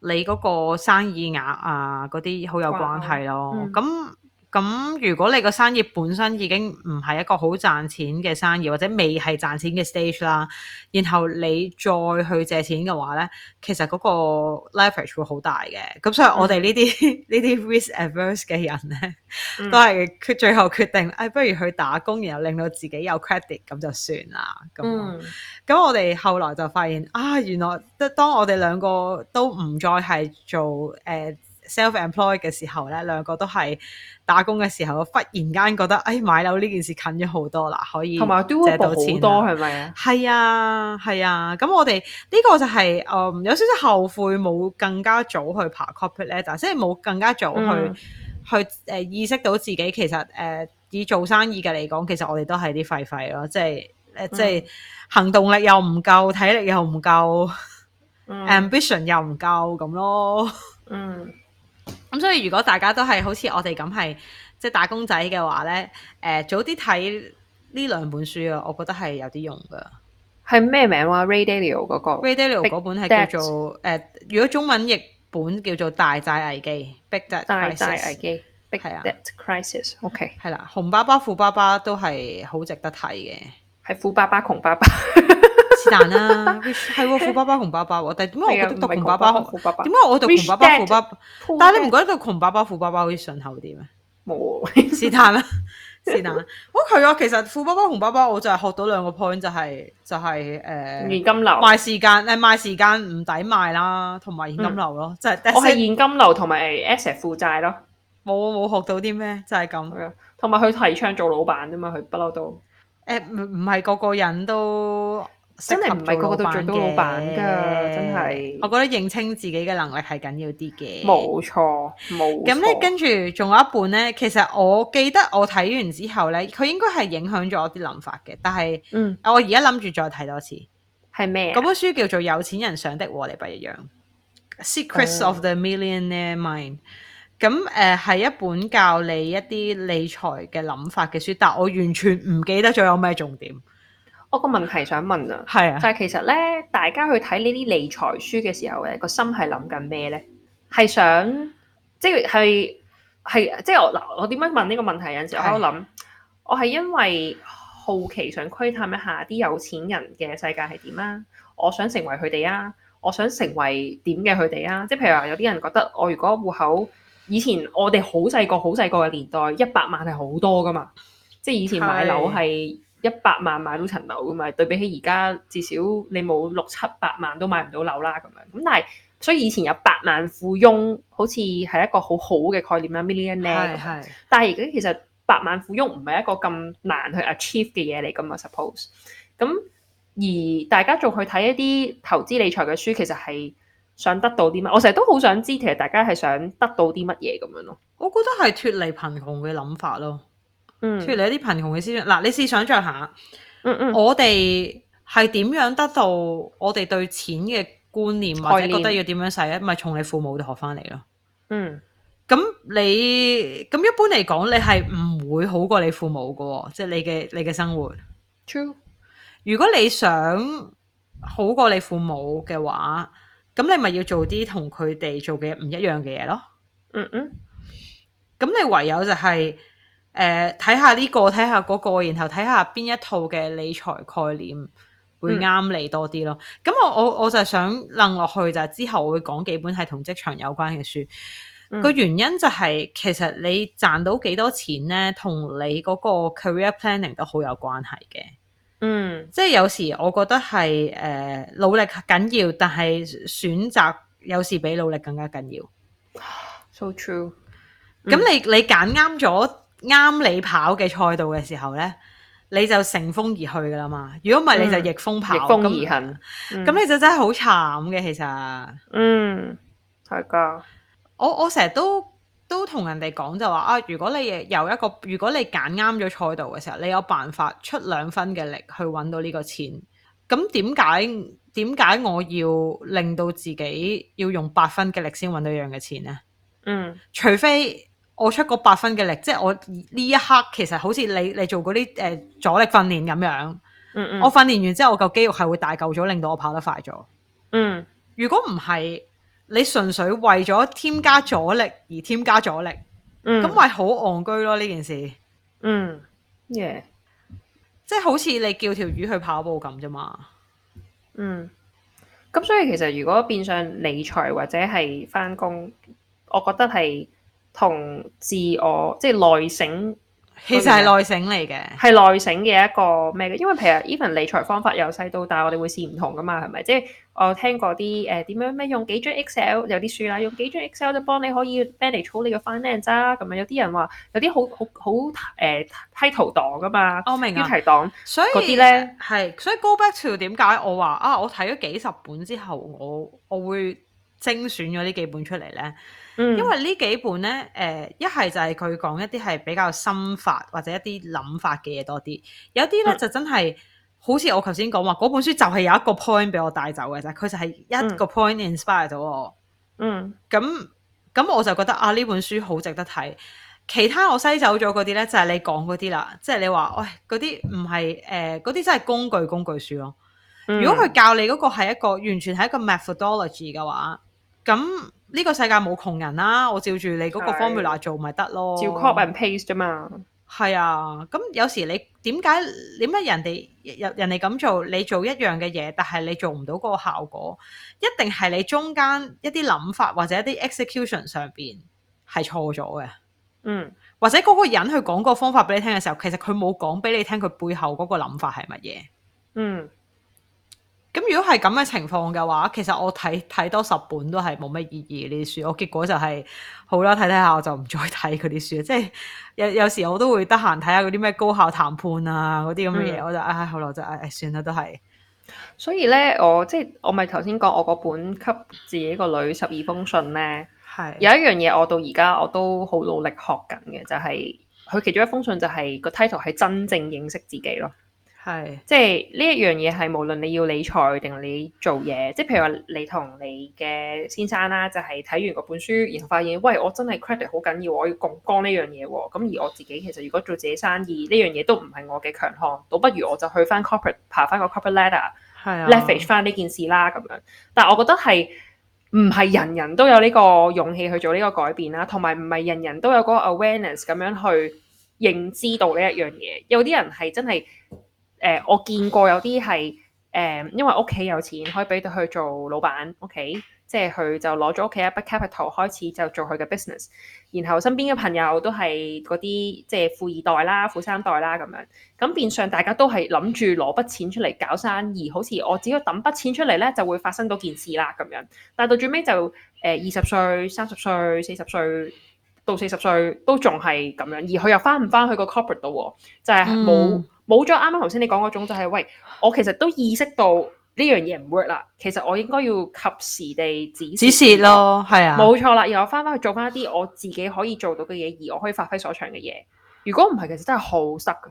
Speaker 2: 你嗰個生意額啊嗰啲好有關係咯。咁咁如果你個生意本身已經唔係一個好賺錢嘅生意，或者未係賺錢嘅 stage 啦，然後你再去借錢嘅話呢，其實嗰個 leverage 會好大嘅。咁所以我哋呢啲呢啲 risk averse 嘅人呢，都係決最後決定，誒、嗯哎、不如去打工，然後令到自己有 credit 咁就算啦。咁咁、嗯、我哋後來就發現，啊原來即當我哋兩個都唔再係做誒。Uh, self-employed 嘅時候咧，兩個都係打工嘅時候，忽然間覺得，哎，買樓呢件事近咗好多啦，可以同埋都借到錢，有 多係咪啊？係啊，係啊，咁我哋呢個就係、是，誒、呃，有少少後悔冇更加早去爬 coppet 咧，但係即係冇更加早去去誒、呃、意識到自己其實誒、呃、以做生意嘅嚟講，其實我哋都係啲廢廢咯，即係誒，呃嗯、即係行動力又唔夠，體力又唔夠、嗯、 ，ambition 又唔夠咁咯，嗯。咁、嗯、所以如果大家都係好似我哋咁係即係打工仔嘅話咧，誒、呃、早啲睇呢兩本書啊，我覺得係有啲用噶。
Speaker 1: 係咩名話、啊、？Ray Dalio 嗰、那個，Ray Dalio 嗰 Big 本係叫做誒
Speaker 2: Dead.、呃，如果中文譯本叫做大債危機，big debt crisis，係 crisis，啊，crisis，ok，Okay .係啦，窮爸爸富爸爸都係好值得睇嘅，係富爸爸窮爸爸。 是但啦，係喎，富爸爸、窮爸爸喎，但係點解我讀窮爸爸？點解我讀窮爸爸、富爸爸？但係你唔覺得讀窮爸爸、富爸爸好似順口啲咩？冇啊，是但啦，是但。好係啊，其實富爸爸、窮爸爸，我就係學到兩個 point，就係就係誒現金流，賣時間，誒賣時間唔抵賣啦，同埋現金流咯，即係我係現金流同埋 assets 負債咯。冇冇學到啲咩？就係咁樣，同埋佢提倡做老闆啫嘛，佢不嬲都誒唔唔係個個人都。真係唔係個個都做到老闆噶，真係。我覺得認清自己嘅能力係緊要啲嘅。冇錯，冇錯。咁咧，跟住仲有一本咧，其實我記得我睇完之後咧，佢應該係影響咗我啲諗法嘅。但係，嗯，啊、我而家諗住再睇多次。係咩？嗰本書叫做《有錢人想的和你不一樣》，Secrets of the Millionaire Mind。咁誒，係、哦呃、一本教你一啲理財嘅諗法嘅書，但我完全唔記得咗有咩重點。我個問題想問啊，就係、啊、其實咧，大家
Speaker 1: 去睇呢啲理財書嘅時候咧，個心係諗緊咩咧？係想即係係即係我嗱，我點樣問呢個問題？有陣時我喺度諗，啊、我係因為好奇想窺探一下啲有錢人嘅世界係點啊。我想成為佢哋啊，我想成為點嘅佢哋啊。即係譬如話，有啲人覺得我如果戶口以前我哋好細個、好細個嘅年代一百萬係好多噶嘛，即係以前買樓係。100, 一百萬買到層樓㗎嘛，對比起而家至少你冇六七百萬都買唔到樓啦咁樣。咁但係所以以前有百萬富翁，好似係一個好好嘅概念啦，millionaire 係係。是是但係而家其實百萬富翁唔係一個咁難去 achieve 嘅嘢嚟㗎嘛，我 suppose。咁而大家仲去睇一啲投資理財嘅書，其實係想得到啲乜？我成日都好想知，其實大家係想得到啲乜嘢咁樣咯。
Speaker 2: 我覺得係脫離貧窮嘅諗法咯。譬如你一啲貧窮嘅思想，嗱、啊，你試想像下，嗯嗯，我哋係點樣得到我哋對錢嘅觀念，念或者覺得要點樣使咧？咪從你父母度學返嚟咯。
Speaker 1: 嗯，
Speaker 2: 咁你咁一般嚟講，你係唔會好過你父母嘅，即係你嘅你嘅生活。True，如果你想好過你父母嘅話，咁你咪要做啲同佢哋做嘅唔一樣嘅嘢咯。嗯嗯，咁你唯有就係、是。誒，睇下呢個，睇下嗰個，然後睇下邊一套嘅理財概念會啱你多啲咯。咁、嗯、我我我就想諗落去就係、是、之後我會講幾本係同職場有關嘅書。個、嗯、原因就係、是、其實你賺到幾多錢咧，同你嗰個 career planning 都好有關係嘅。嗯，即係有時我覺得係誒、呃、努力緊要，但係選擇有時比努力更加緊要、啊。So true、嗯。咁你你揀啱咗。啱你跑嘅賽道嘅時候呢，你就乘風而去噶啦嘛。如果唔係，你就逆風跑、嗯，逆風而行。咁、嗯、你就真係好慘嘅，其實。嗯，係噶。我我成日都都同人哋講就話啊，如果你有一個，如果你揀啱咗賽道嘅時候，你有辦法出兩分嘅力去揾到呢個錢。咁點解點解我要令到自己要用八分嘅力先揾到樣嘅錢呢？嗯，除非。我出嗰八分嘅力，即係我呢一刻，其實好似你你做嗰啲誒阻力訓練咁樣。嗯嗯。我訓練完之後，我嚿肌肉係會大嚿咗，令到我跑得快咗。嗯。如果唔係，你純粹為咗添加阻力而添加阻力，
Speaker 1: 咁咪
Speaker 2: 好戇居咯呢件事。嗯。y、yeah. 即係好似你叫條魚去跑步咁啫嘛。嗯。
Speaker 1: 咁所以其實如果變相理財或者係返工，我覺得係。同自我即係內省，
Speaker 2: 其實係內省嚟嘅，係
Speaker 1: 內省嘅一個咩嘅？因為譬如 even 理財方法由細到大，我哋會試唔同噶嘛，係咪？即係我聽過啲誒，點、呃、樣咩用幾張 Excel 有啲書啦，用幾張 Excel Ex 就幫你可以 manage 好你嘅 finance 啊。咁樣有啲人話有啲好好好誒、呃、，title 黨噶嘛，我
Speaker 2: 明標題黨。所以咧係，所以 go back to 點解我話啊？我睇咗幾十本之後，我我會精選咗呢幾本出嚟咧。因為呢幾本咧，誒、呃、一係就係佢講一啲係比較心法或者一啲諗法嘅嘢多啲，有啲咧就真係好似我頭先講話，嗰本書就係有一個 point 俾我帶走嘅啫，佢就係一個 point inspire 到我。嗯，咁咁我就覺得啊，呢本書好值得睇。其他我篩走咗嗰啲咧，就係、是、你講嗰啲啦，即係你話喂嗰啲唔係誒嗰啲真係工具工具書咯。嗯、如果佢教你嗰個係一個完全係一個 methodology 嘅話，咁。呢個世界冇窮人啦，我照住你嗰個 formula 做咪得咯，照 copy and paste 啫嘛。係啊，咁有時你點解點解人哋人哋咁做，你做一樣嘅嘢，但係你做唔到嗰個效果，一定係你中間一啲諗法或者一啲 execution 上邊係錯咗嘅。嗯，或者嗰個人去講個方法俾你聽嘅時候，其實佢冇講俾你聽佢背後嗰個諗法係乜嘢。嗯。咁如果係咁嘅情況嘅話，其實我睇睇多十本都係冇乜意義。呢啲書我結果就係、是、好啦，睇睇下我就唔再睇佢啲書。即係有有時我都會得閒睇下嗰啲咩高效談判啊嗰啲咁嘅嘢，嗯、我就唉，後來就唉算啦，都係。
Speaker 1: 所以呢，我即係我咪頭先講我嗰本給自己個女十二封信咧，係是有一樣嘢我到而家我都好努力學緊嘅，就係、是、佢其中一封信就係、是、個 title 係真正認識自己咯。係，是即係呢一樣嘢係無論你要理財定你做嘢，即係譬如話你同你嘅先生啦、啊，就係、是、睇完嗰本書，然後發現喂，我真係 credit 好緊要，我要攻攻呢樣嘢喎、哦。咁而我自己其實如果做自己生意呢樣嘢都唔係我嘅強項，倒不如我就去翻 corporate 爬翻個 corporate ladder，l e v r a、啊、g e 翻呢件事啦咁樣。但係我覺得係唔係人人都有呢個勇氣去做呢個改變啦、啊，同埋唔係人人都有嗰個 awareness 咁樣去認知到呢一樣嘢。有啲人係真係。誒、呃，我見過有啲係誒，因為屋企有錢，可以俾到佢做老闆，OK，即係佢就攞咗屋企一筆 capital 開始就做佢嘅 business，然後身邊嘅朋友都係嗰啲即係富二代啦、富三代啦咁樣，咁變相大家都係諗住攞筆錢出嚟搞生意，好似我只要抌筆錢出嚟咧就會發生到件事啦咁樣，但到最尾就誒二十歲、三十歲、四十歲到四十歲都仲係咁樣，而佢又翻唔翻去個 corporate 度喎、嗯，就係冇。冇咗啱啱頭先你講嗰種，就係喂我其實都意識到呢樣嘢唔 work 啦。其實我應該要及時地止止蝕咯，
Speaker 2: 係啊，冇錯
Speaker 1: 啦。然後翻翻去做翻一啲我自己可以做到嘅嘢，而我可以發揮所長嘅嘢。如果唔係，其實真係好塞噶。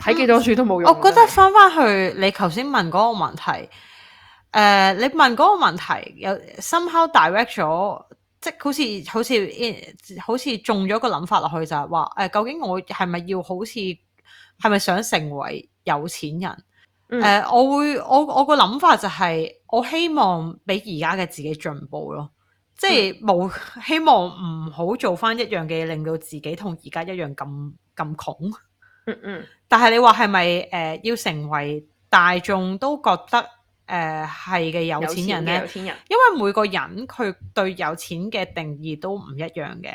Speaker 2: 睇幾多書、嗯、都冇用。我覺得翻翻去你頭先問嗰個問題，誒、呃，你問嗰個問題有 somehow direct 咗，即係好似好似好似中咗個諗法落去就係話誒，究竟我係咪要好似？係咪想成為有錢人？誒、嗯 uh，我會我我個諗法就係、是，我希望俾而家嘅自己進步咯，即係冇、嗯、希望唔好做翻一樣嘅嘢，令到自己同而家一樣咁咁窮。嗯、嗯，但係你話係咪誒要成為大眾都覺得誒係嘅有錢人咧？有錢有錢人因為每個人佢對有錢嘅定義都唔一樣嘅。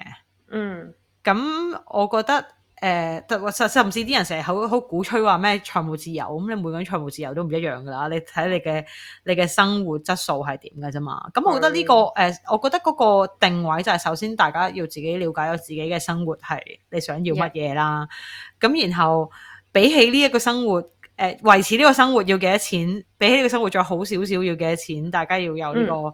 Speaker 2: 嗯。咁我覺得。誒，實、呃、甚至啲人成日好好鼓吹話咩財務自由，咁你每個人財務自由都唔一樣㗎啦，你睇你嘅你嘅生活質素係點㗎啫嘛？咁我覺得呢、呢個誒的、呃，我覺得嗰個定位就係首先大家要自己了解到自己嘅生活係你想要乜嘢啦，咁 Yeah. 然後比起呢一個生活，誒、呃、維持呢個生活要幾多錢，比起呢個生活再好少少要幾多錢，大家要有呢個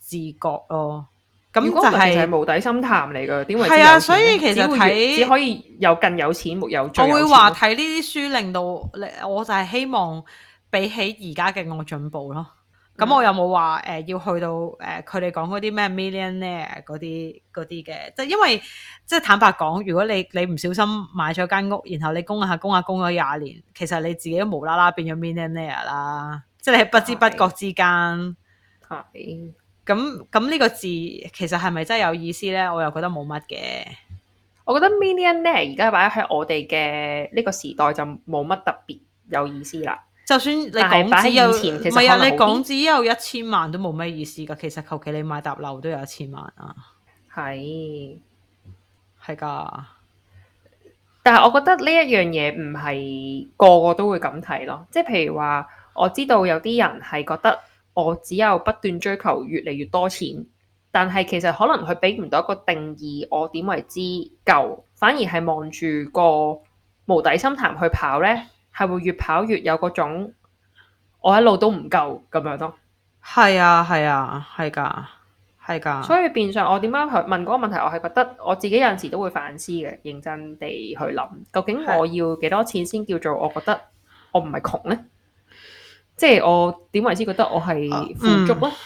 Speaker 2: 自覺咯。嗯。咁就係、是、無底深潭嚟
Speaker 1: 嘅，點會係啊，所以其實睇只，只可以有更有錢，沒有，有錢。我會話
Speaker 2: 睇呢啲書令到，我就係希望比起而家嘅我進步咯。咁、嗯、我又冇話誒要去到誒佢、呃、哋講嗰啲咩 millionaire 嗰啲啲嘅，就因為即係坦白講，如果你你唔小心買咗間屋，然後你供下供下供咗廿年，其實你自己都無啦啦變咗 millionaire 啦，即係你喺不知不覺之間。係的。咁咁呢個字其實係咪真係有意思咧？我又覺得冇乜嘅。
Speaker 1: 我覺得 millionaire 而家擺喺我哋嘅呢個時代就冇乜特別有意思啦。就算你講只有，唔係啊？你講
Speaker 2: 只有一千萬都冇咩意思噶。其實求其你買搭樓都有一千萬啊。係係噶。的但係我覺得呢一樣嘢唔係
Speaker 1: 個個都會咁睇咯。即係譬如話，我知道有啲人係覺得。我只有不斷追求越嚟越多錢，但係其實可能佢俾唔到一個定義，我點為之夠，反而係望住個無底深潭去跑呢，係會越跑越有嗰種我一路都唔夠咁樣咯。
Speaker 2: 係啊，係啊，係㗎，係㗎。所
Speaker 1: 以變相我點解去問嗰個問題？我係覺得我自己有陣時都會反思嘅，認真地去諗，究竟我要幾多錢先叫做我覺得我唔係窮呢？即係我點為之覺得我係富足咯、uh, 嗯
Speaker 2: 啊？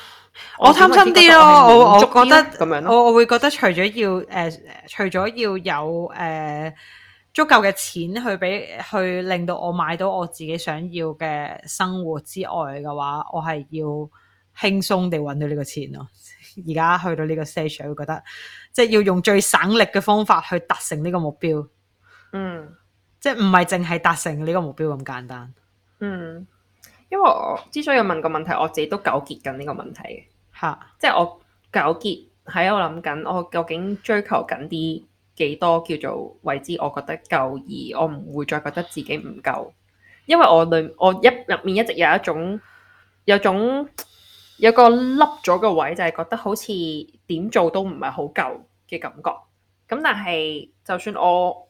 Speaker 2: 我貪心啲咯，我我覺得咁樣咯。我、啊、我會覺得除咗要誒、呃，除咗要有誒、呃、足夠嘅錢去俾去令到我買到我自己想要嘅生活之外嘅話，我係要輕鬆地揾到呢個錢咯。而 家去到呢個 stage, 我會覺得即係要用最省力嘅方法去達成呢個目標。嗯，即係唔係淨係達成呢個目標咁簡單。嗯。
Speaker 1: 因為我之所以問個問題，我自己都糾結緊呢個問題吓，哈即係我糾結喺我諗緊，我究竟追求緊啲幾多叫做為之，我覺得夠，而我唔會再覺得自己唔夠，因為我對我一入面一直有一種有種有個凹咗個位，就係覺得好似點做都唔係好夠嘅感覺。咁但係就算我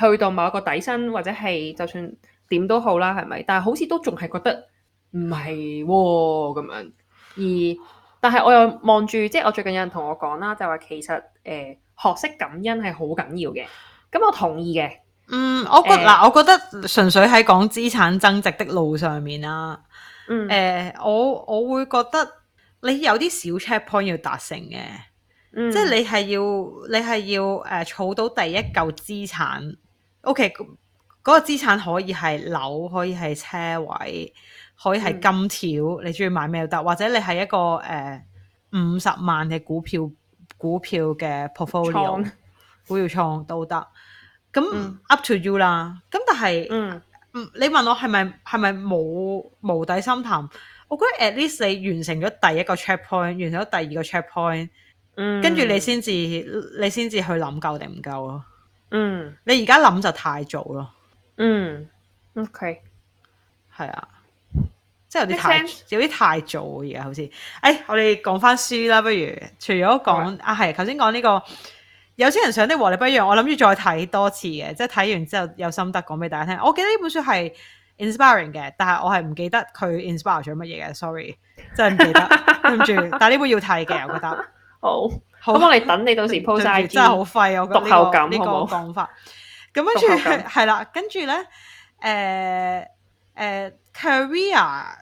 Speaker 1: 去到某一個底薪，或者係就算點都好啦，係咪？但係好似都仲係覺得。唔係咁樣，而但係我又望住，即係我最近有人同我講啦，就話其實誒、呃，學識感恩係好緊要嘅。咁我同意嘅。
Speaker 2: 嗯，我覺嗱、呃，我覺得純粹喺講資產增值的路上面啦。嗯，誒、呃，我我會覺得你有啲小 check point 要達成嘅，嗯、即係你係要你係要誒，儲、呃、到第一嚿資產。OK，嗰個資產可以係樓，可以係車位。可以係金條，嗯、你中意買咩都得，或者你係一個誒五十萬嘅股票股票嘅 portfolio，創股票創都得。咁、嗯、up to you 啦。咁但係，嗯，嗯，你問我係咪係咪冇無底深潭？我覺得 at least 你完成咗第一個 check point，完成咗第二個 check point，嗯，跟住你先至你先至去諗夠定唔夠咯。嗯，你而家諗就太早咯。嗯，OK，係啊。即係有啲太有啲太早嘅嘢，好似誒我哋講翻書啦，不如除咗講啊，係頭先講呢個有錢人想的和你不一樣，我諗住再睇多次嘅，即係睇完之後有心得講俾大家聽。我記得呢本書係 inspiring 嘅，但係我係唔記得佢 inspire 咗乜嘢嘅，sorry 真係唔記得。跟住，但係呢本要睇嘅，我覺得好好。咁我哋等你到時 post 曬，真係好廢，我覺得讀後感呢個講法。咁跟住係啦，跟住咧誒誒 career。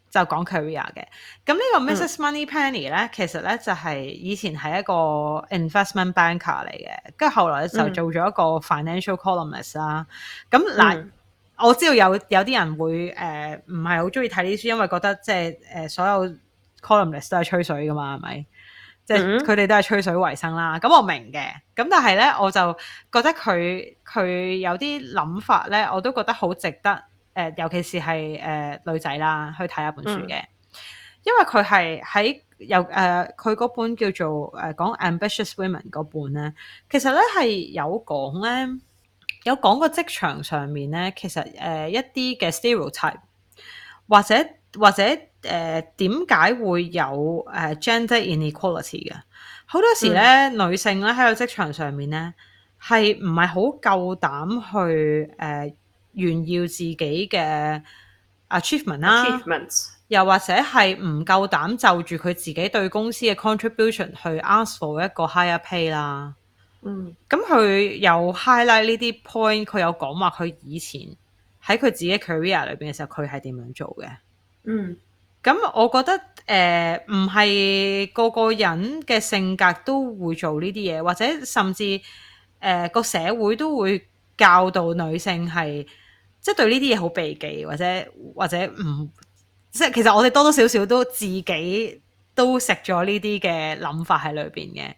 Speaker 2: 就講 career 嘅，咁呢個 Mrs Moneypenny 咧，嗯、其實咧就係、是、以前係一個 investment banker 嚟嘅，跟住後來就做咗一個 financial columnist 啦。咁嗱，嗯、我知道有有啲人會誒，唔係好中意睇呢啲書，因為覺得即係誒所有 columnist 都係吹水噶嘛，係咪？即係佢哋都係吹水為生啦。咁我明嘅，咁但係咧，我就覺得佢佢有啲諗法咧，我都覺得好值得。誒、呃，尤其是係誒、呃、女仔啦，去睇一本書嘅，嗯、因為佢係喺由誒佢嗰本叫做誒、呃、講 Ambitious Women 嗰本咧，其實咧係有講咧，有講個職場上面咧，其實誒一啲嘅 stereotype 或者或者誒點解會有誒 gender inequality 嘅，好多時咧女性咧喺個職場上面咧係唔係好夠膽去誒，呃炫耀自己嘅 achievement 啦、啊，achievement 又或者係唔夠膽就住佢自己對公司嘅 contribution 去 ask for 一個 higher pay 啦、啊。嗯，咁佢 high 有 highlight 呢啲 point，佢有講話，佢以前喺佢自己 career 裏邊嘅時候，佢係點樣做嘅。嗯，咁我覺得誒唔係個個人嘅性格都會做呢啲嘢，或者甚至誒個、呃、社會都會教導女性係。即係對呢啲嘢好避忌，或者或者唔即係其實我哋多多少少都自己都食咗呢啲嘅諗法喺裏邊嘅。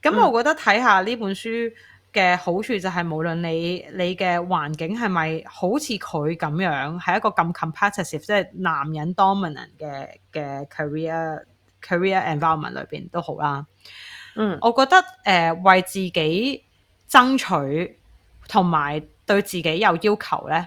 Speaker 2: 咁我覺得睇下呢本書嘅好處就係無論你你嘅環境係咪好似佢咁樣，係一個咁 competitive，即係男人 dominant 嘅嘅 career career environment 裏邊都好啦。嗯，我覺得誒、呃、為自己爭取同埋對自己有要求咧。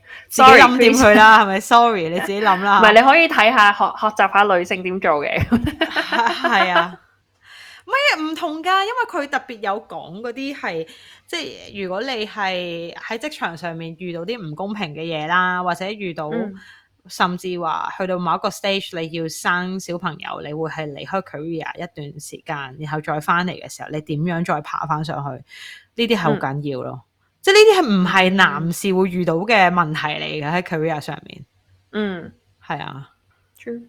Speaker 2: 自己諗點佢啦，係咪 ？Sorry，你自己諗啦。唔係， 你可
Speaker 1: 以睇下學學習下女性點做嘅。
Speaker 2: 係 啊，唔咩唔同噶？因為佢特別有講嗰啲係，即係如果你係喺職場上面遇到啲唔公平嘅嘢啦，或者遇到、嗯、甚至話去到某一個 stage，你要生小朋友，你會係離開 career 一段時間，然後再翻嚟嘅時候，你點樣再爬翻上去？呢啲係好緊要咯。嗯即係呢啲係唔係男士會遇到嘅問題嚟嘅，喺 career 上面，嗯，係啊，咁誒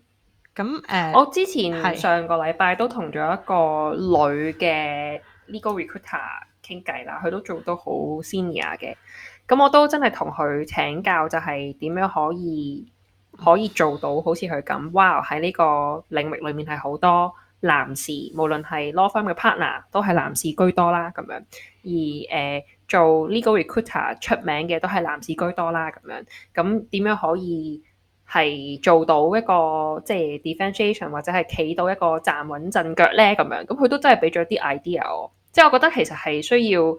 Speaker 2: True.，uh, 我之前是上
Speaker 1: 個禮拜都同咗一個女嘅 legal recruiter 傾偈啦，佢都做得好 senior 嘅，咁我都真係同佢請教，就係點樣可以可以做到好似佢咁。哇！喺呢個領域裏面係好多男士，無論係 law firm 嘅 partner 都係男士居多啦，咁樣而誒。Uh, 做 legal recruiter 出名嘅都係男士居多啦，咁樣咁點樣,樣可以係做到一個即係 defensation 或者係企到一個站穩陣腳咧？咁樣咁佢都真係俾咗啲 idea 我，即係我覺得其實係需要誒、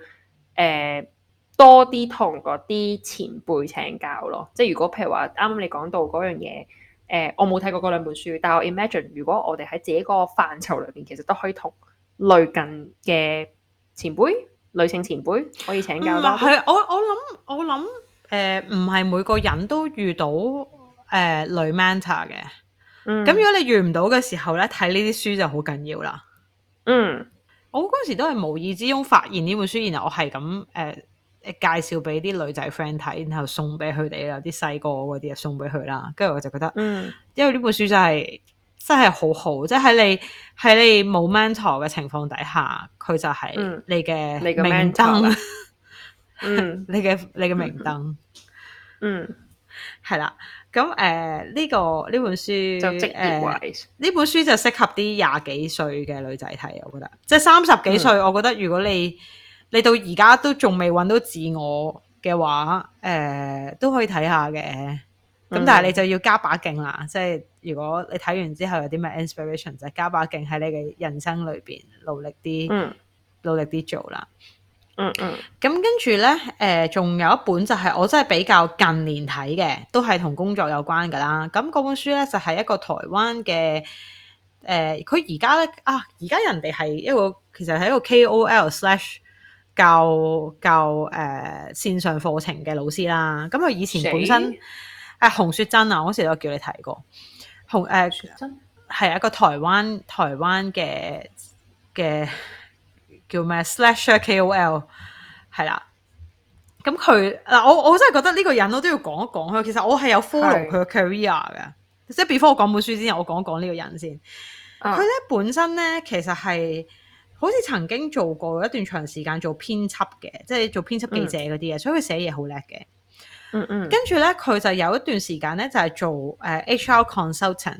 Speaker 1: 呃、多啲同嗰啲前輩請教咯。即係如果譬如話啱啱你講到嗰樣嘢，誒、呃、我冇睇過嗰兩本書，但係我 imagine 如果我哋喺自己個範疇裏邊，其實都可以同類近嘅
Speaker 2: 前輩。女性前輩可以請教咯，係我我諗我諗誒唔係每個人都遇到誒、呃、女 mentor 嘅，咁、嗯、如果你遇唔到嘅時候咧，睇呢啲書就好緊要啦。嗯，我嗰時都係無意之中發現呢本書，然後我係咁誒誒介紹俾啲女仔 friend 睇，然後送俾佢哋啦，啲細個嗰啲啊送俾佢啦，跟住我就覺得，嗯，因為呢本書就係、是。真係好好，即係喺你喺你冇 mentor 嘅情況底下，佢就係你嘅明燈，嗯，你嘅你嘅明燈，嗯，係、呃、啦，咁誒呢個呢本書就職業 wise、呃、呢本書就適合啲廿幾歲嘅女仔睇，我覺得，即係三十幾歲，嗯、我覺得如果你你到而家都仲未揾到自我嘅話，誒、呃、都可以睇下嘅，咁但係你就要加把勁啦，即係。如果你睇完之後有啲咩 inspiration，就加把勁喺你嘅人生裏邊努力啲，嗯、努力啲做啦。嗯嗯。咁跟住咧，誒，仲、呃、有一本就係我真係比較近年睇嘅，都係同工作有關噶啦。咁嗰本書咧就係、是、一個台灣嘅誒，佢而家咧啊，而家人哋係一個其實係一個 K.O.L. slash 教教誒、呃、線上課程嘅老師啦。咁佢以前本身係洪雪珍啊，嗰時、啊、我都叫你睇過。同誒，真係一個台灣台灣嘅嘅叫咩？Slasher K O L 係啦。咁佢，嗱，我我真係覺得呢個人我都要講一講佢。其實我係有 follow 佢嘅 career 嘅，即係 before 我講本書先，我講一講呢個人先。佢咧，本身咧，其實係好似曾經做過一段長時間做編輯嘅，即係做編輯記者嗰啲嘢，所以佢寫嘢好叻嘅。嗯嗯，跟住咧，佢就有一段時間咧，就係、是、做誒、uh, HR consultant。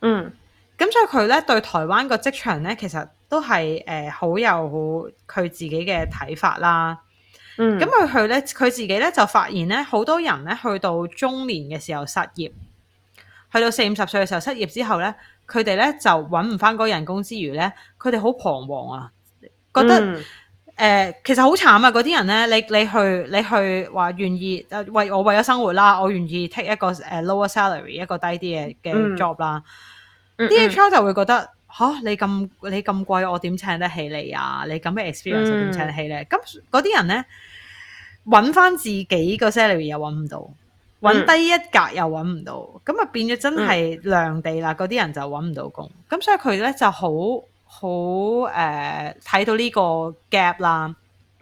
Speaker 2: 嗯，咁所以佢咧對台灣個職場咧，其實都係誒好有佢自己嘅睇法啦。嗯，咁佢去咧，佢自己咧就發現咧，好多人咧去到中年嘅時候失業，去到四五十歲嘅時候失業之後咧，佢哋咧就揾唔返嗰人工之餘咧，佢哋好彷徨啊，
Speaker 1: 覺得。嗯
Speaker 2: 誒，uh, 其實好慘啊！嗰啲人咧，你你去你去話願意，為我為咗生活啦，我願意 take 一個誒、uh, lower salary 一個低啲嘅嘅 job 啦。DHR、嗯嗯、就會覺得嚇、嗯嗯啊、你咁你咁貴，我點請得起你啊？你咁嘅 experience 點請得起咧？咁嗰啲人咧揾翻自己個 salary 又揾唔到，揾低一格又揾唔到，咁啊、嗯、變咗真係量地啦！嗰啲、嗯、人就揾唔到工，咁所以佢咧就好。好誒，睇、呃、到呢個 gap 啦，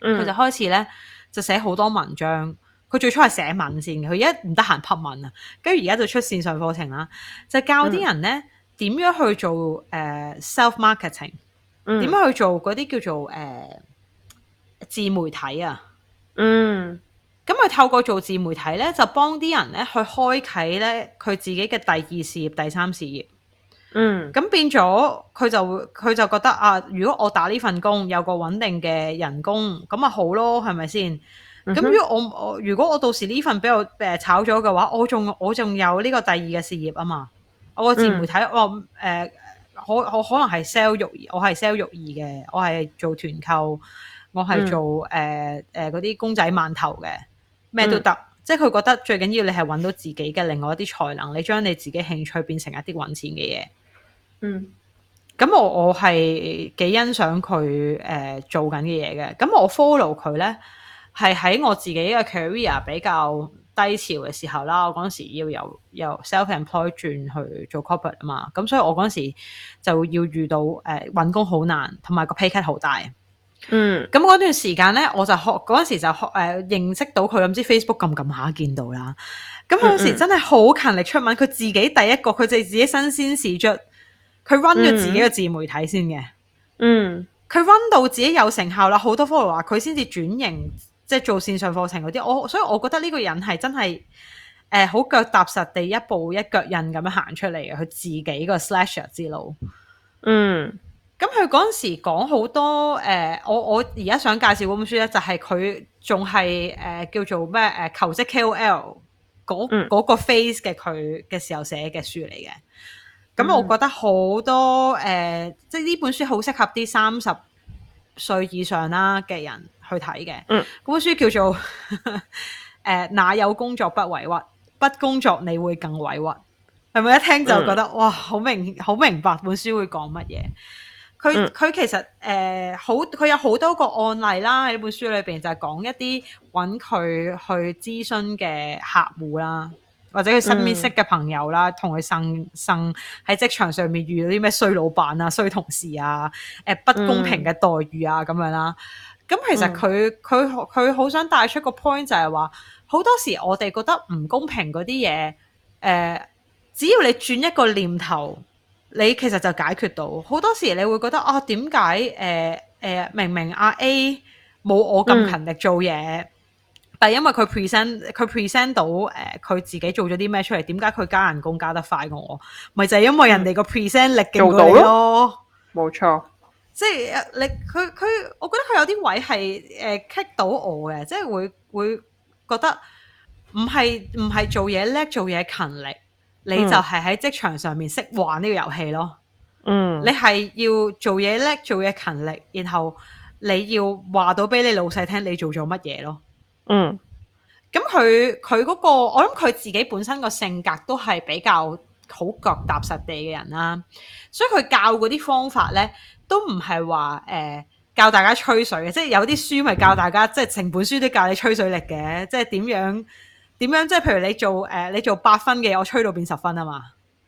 Speaker 2: 佢、嗯、就開始咧就寫好多文章。佢最初係寫文先嘅，佢一唔得閒拍文啊，跟住而家就出線上課程啦，就教啲人咧點樣去做誒、呃、self marketing，點樣、嗯、去做嗰啲叫做誒自、呃、媒體啊。嗯，咁佢透過做自媒體咧，就幫啲人咧去開啓咧佢自己嘅第二事業、第三事業。嗯，咁變咗佢就佢就覺得啊，如果我打呢份工有個穩定嘅人工咁啊，好咯，係咪先？咁、嗯、哼如果我我如果我到時呢份畀我誒、呃、炒咗嘅話，我仲我仲有呢個第二嘅事業啊嘛。我個自媒體我誒、嗯哦呃，我我可能係 sell 玉兒，我係 sell 玉兒嘅，我係做團購，我係做誒誒嗰啲公仔饅頭嘅，咩都得。嗯、即係佢覺得最緊要是你係揾到自己嘅另外一啲才能，你將你自己興趣變成一啲揾錢嘅嘢。嗯，咁我我係幾欣賞佢誒做緊嘅嘢嘅，咁我 follow 佢咧，係喺我自己嘅 career 比較低潮嘅時候啦，我嗰時要由由 self-employed、er、轉去做 corporate 啊嘛，咁所以我嗰時就要遇到誒搵、呃、工好難，同埋個 pay cut 好大，嗯，咁嗰段時間咧，我就學嗰時就學誒、呃、認識到佢，唔知 Facebook 撳撳下見到啦，咁嗰時真係好勤力出文，佢、嗯嗯、自己第一個佢就自己，自己新鮮事。著。佢 run 咗自己嘅自媒體先嘅，嗯，佢 run 到自己有成效啦，好多 follower 佢先至轉型，即係做線上課程嗰啲。我所以我覺得呢個人係真係，誒、呃，好腳踏實地，一步一腳印咁樣行出嚟嘅。佢自己個 slash 之路，嗯，咁佢嗰陣時講好多，誒、呃，我我而家想介紹本書咧，就係佢仲係誒叫做咩誒求職 KOL 嗰嗰個 phase 嘅佢嘅時候寫嘅書嚟嘅。咁、嗯、我覺得好多誒、呃，即係呢本書好適合啲三十歲以上啦嘅人去睇嘅。嗯、本書叫做、 呃、哪有工作不委屈，不工作你會更委屈，係咪？一聽就覺得、嗯、哇，好明好明白，明白本書會講乜嘢。佢佢其實誒、呃、好，佢有好多個案例啦，喺本書裏邊就係講一啲揾佢去諮詢嘅客戶啦。或者佢身邊識嘅朋友啦，同佢生、嗯、生喺職場上面遇到啲咩衰老闆啊、衰同事啊、誒、呃、不公平嘅待遇啊咁樣啦、啊，咁其實佢佢佢好想帶出個 point 就係話，好多時我哋覺得唔公平嗰啲嘢，誒、呃，只要你轉一個念頭，你其實就解決到。好多時你會覺得啊，點解誒誒明明阿、啊、A 冇我咁勤力做嘢？嗯但係因為佢 present 佢 present 到，誒，佢、呃、自己做咗啲咩出嚟？點解佢加人工加得快過我？咪就係、是、因為人哋個 present 力勁啲咯，冇錯、嗯。即係你佢佢，我覺得佢有啲位係誒 kick 到我嘅，即係會會覺得唔係唔係做嘢叻，做嘢勤力，
Speaker 1: 你就係
Speaker 2: 喺職場上面識玩呢個遊戲咯。嗯，你係要做嘢叻，做嘢勤力，然後你要話到俾你老細聽你做咗乜嘢咯。嗯，咁佢佢嗰個，我諗佢自己本身個性格都係比較好腳踏實地嘅人啦，所以佢教嗰啲方法咧，都唔係話誒教大家吹水嘅，即係有啲書咪教大家，嗯、即係成本書都教你吹水力嘅，即係點樣點樣，即係譬如你做誒、呃、你做八分嘅，我吹到變十分啊嘛，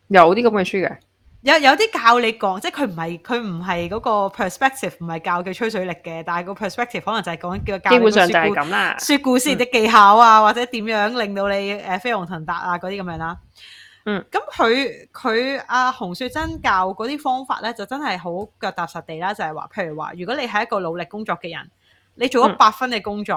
Speaker 1: 有啲咁嘅書嘅。
Speaker 2: 有有啲教你講，即係佢唔係佢唔係嗰個 perspective，唔係教佢吹水力嘅，但係個 perspective 可能就係講叫教人說故事的故事的技巧啊，嗯、或者點樣令到你誒飛黃騰達啊嗰啲咁樣啦、啊。嗯，咁佢佢阿洪雪珍教嗰啲方法咧，就真係好腳踏實地啦。就係話，譬如話，如果你係一個努力工作嘅人，你做咗八分嘅工作，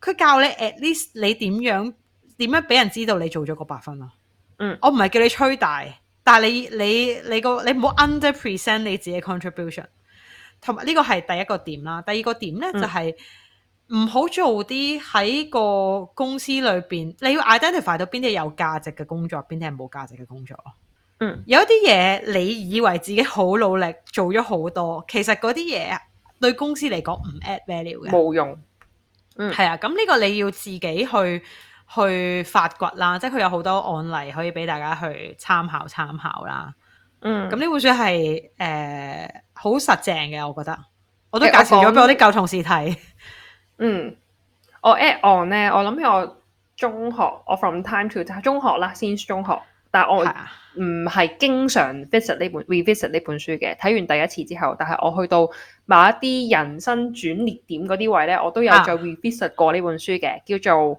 Speaker 2: 佢、嗯、教你 at least 你點樣點樣俾人知道你做咗個八分啊？嗯，我唔係叫你吹大。但係你你你個你唔好 under present 你自己 contribution，同埋呢個係第一個點啦。第二個點咧、嗯、就係唔好做啲喺個公司裏邊，你要 identify 到邊啲有價值嘅工作，邊啲係冇價值嘅工作。嗯，有一啲嘢你以為自己好努力做咗好多，其實嗰啲嘢啊，對公司嚟講唔 add value 嘅，冇用。家嗯，係啊，咁呢個你要自己去。去發掘啦，即係佢有好多案例可以俾大家去參考參考啦。嗯，咁呢本書係誒好實淨嘅，我覺得
Speaker 1: 我都介紹咗俾我啲舊
Speaker 2: 同事睇。嗯，
Speaker 1: 我 add on 咧，我諗起我中學我 from time to 中學啦，先至中學，但係我唔係經常 visit 呢本 revisit 呢本書嘅。睇完第一次之後，但係我去到某一啲人生轉捩點嗰啲位咧，我都有再 revisit 過呢本書嘅，叫做。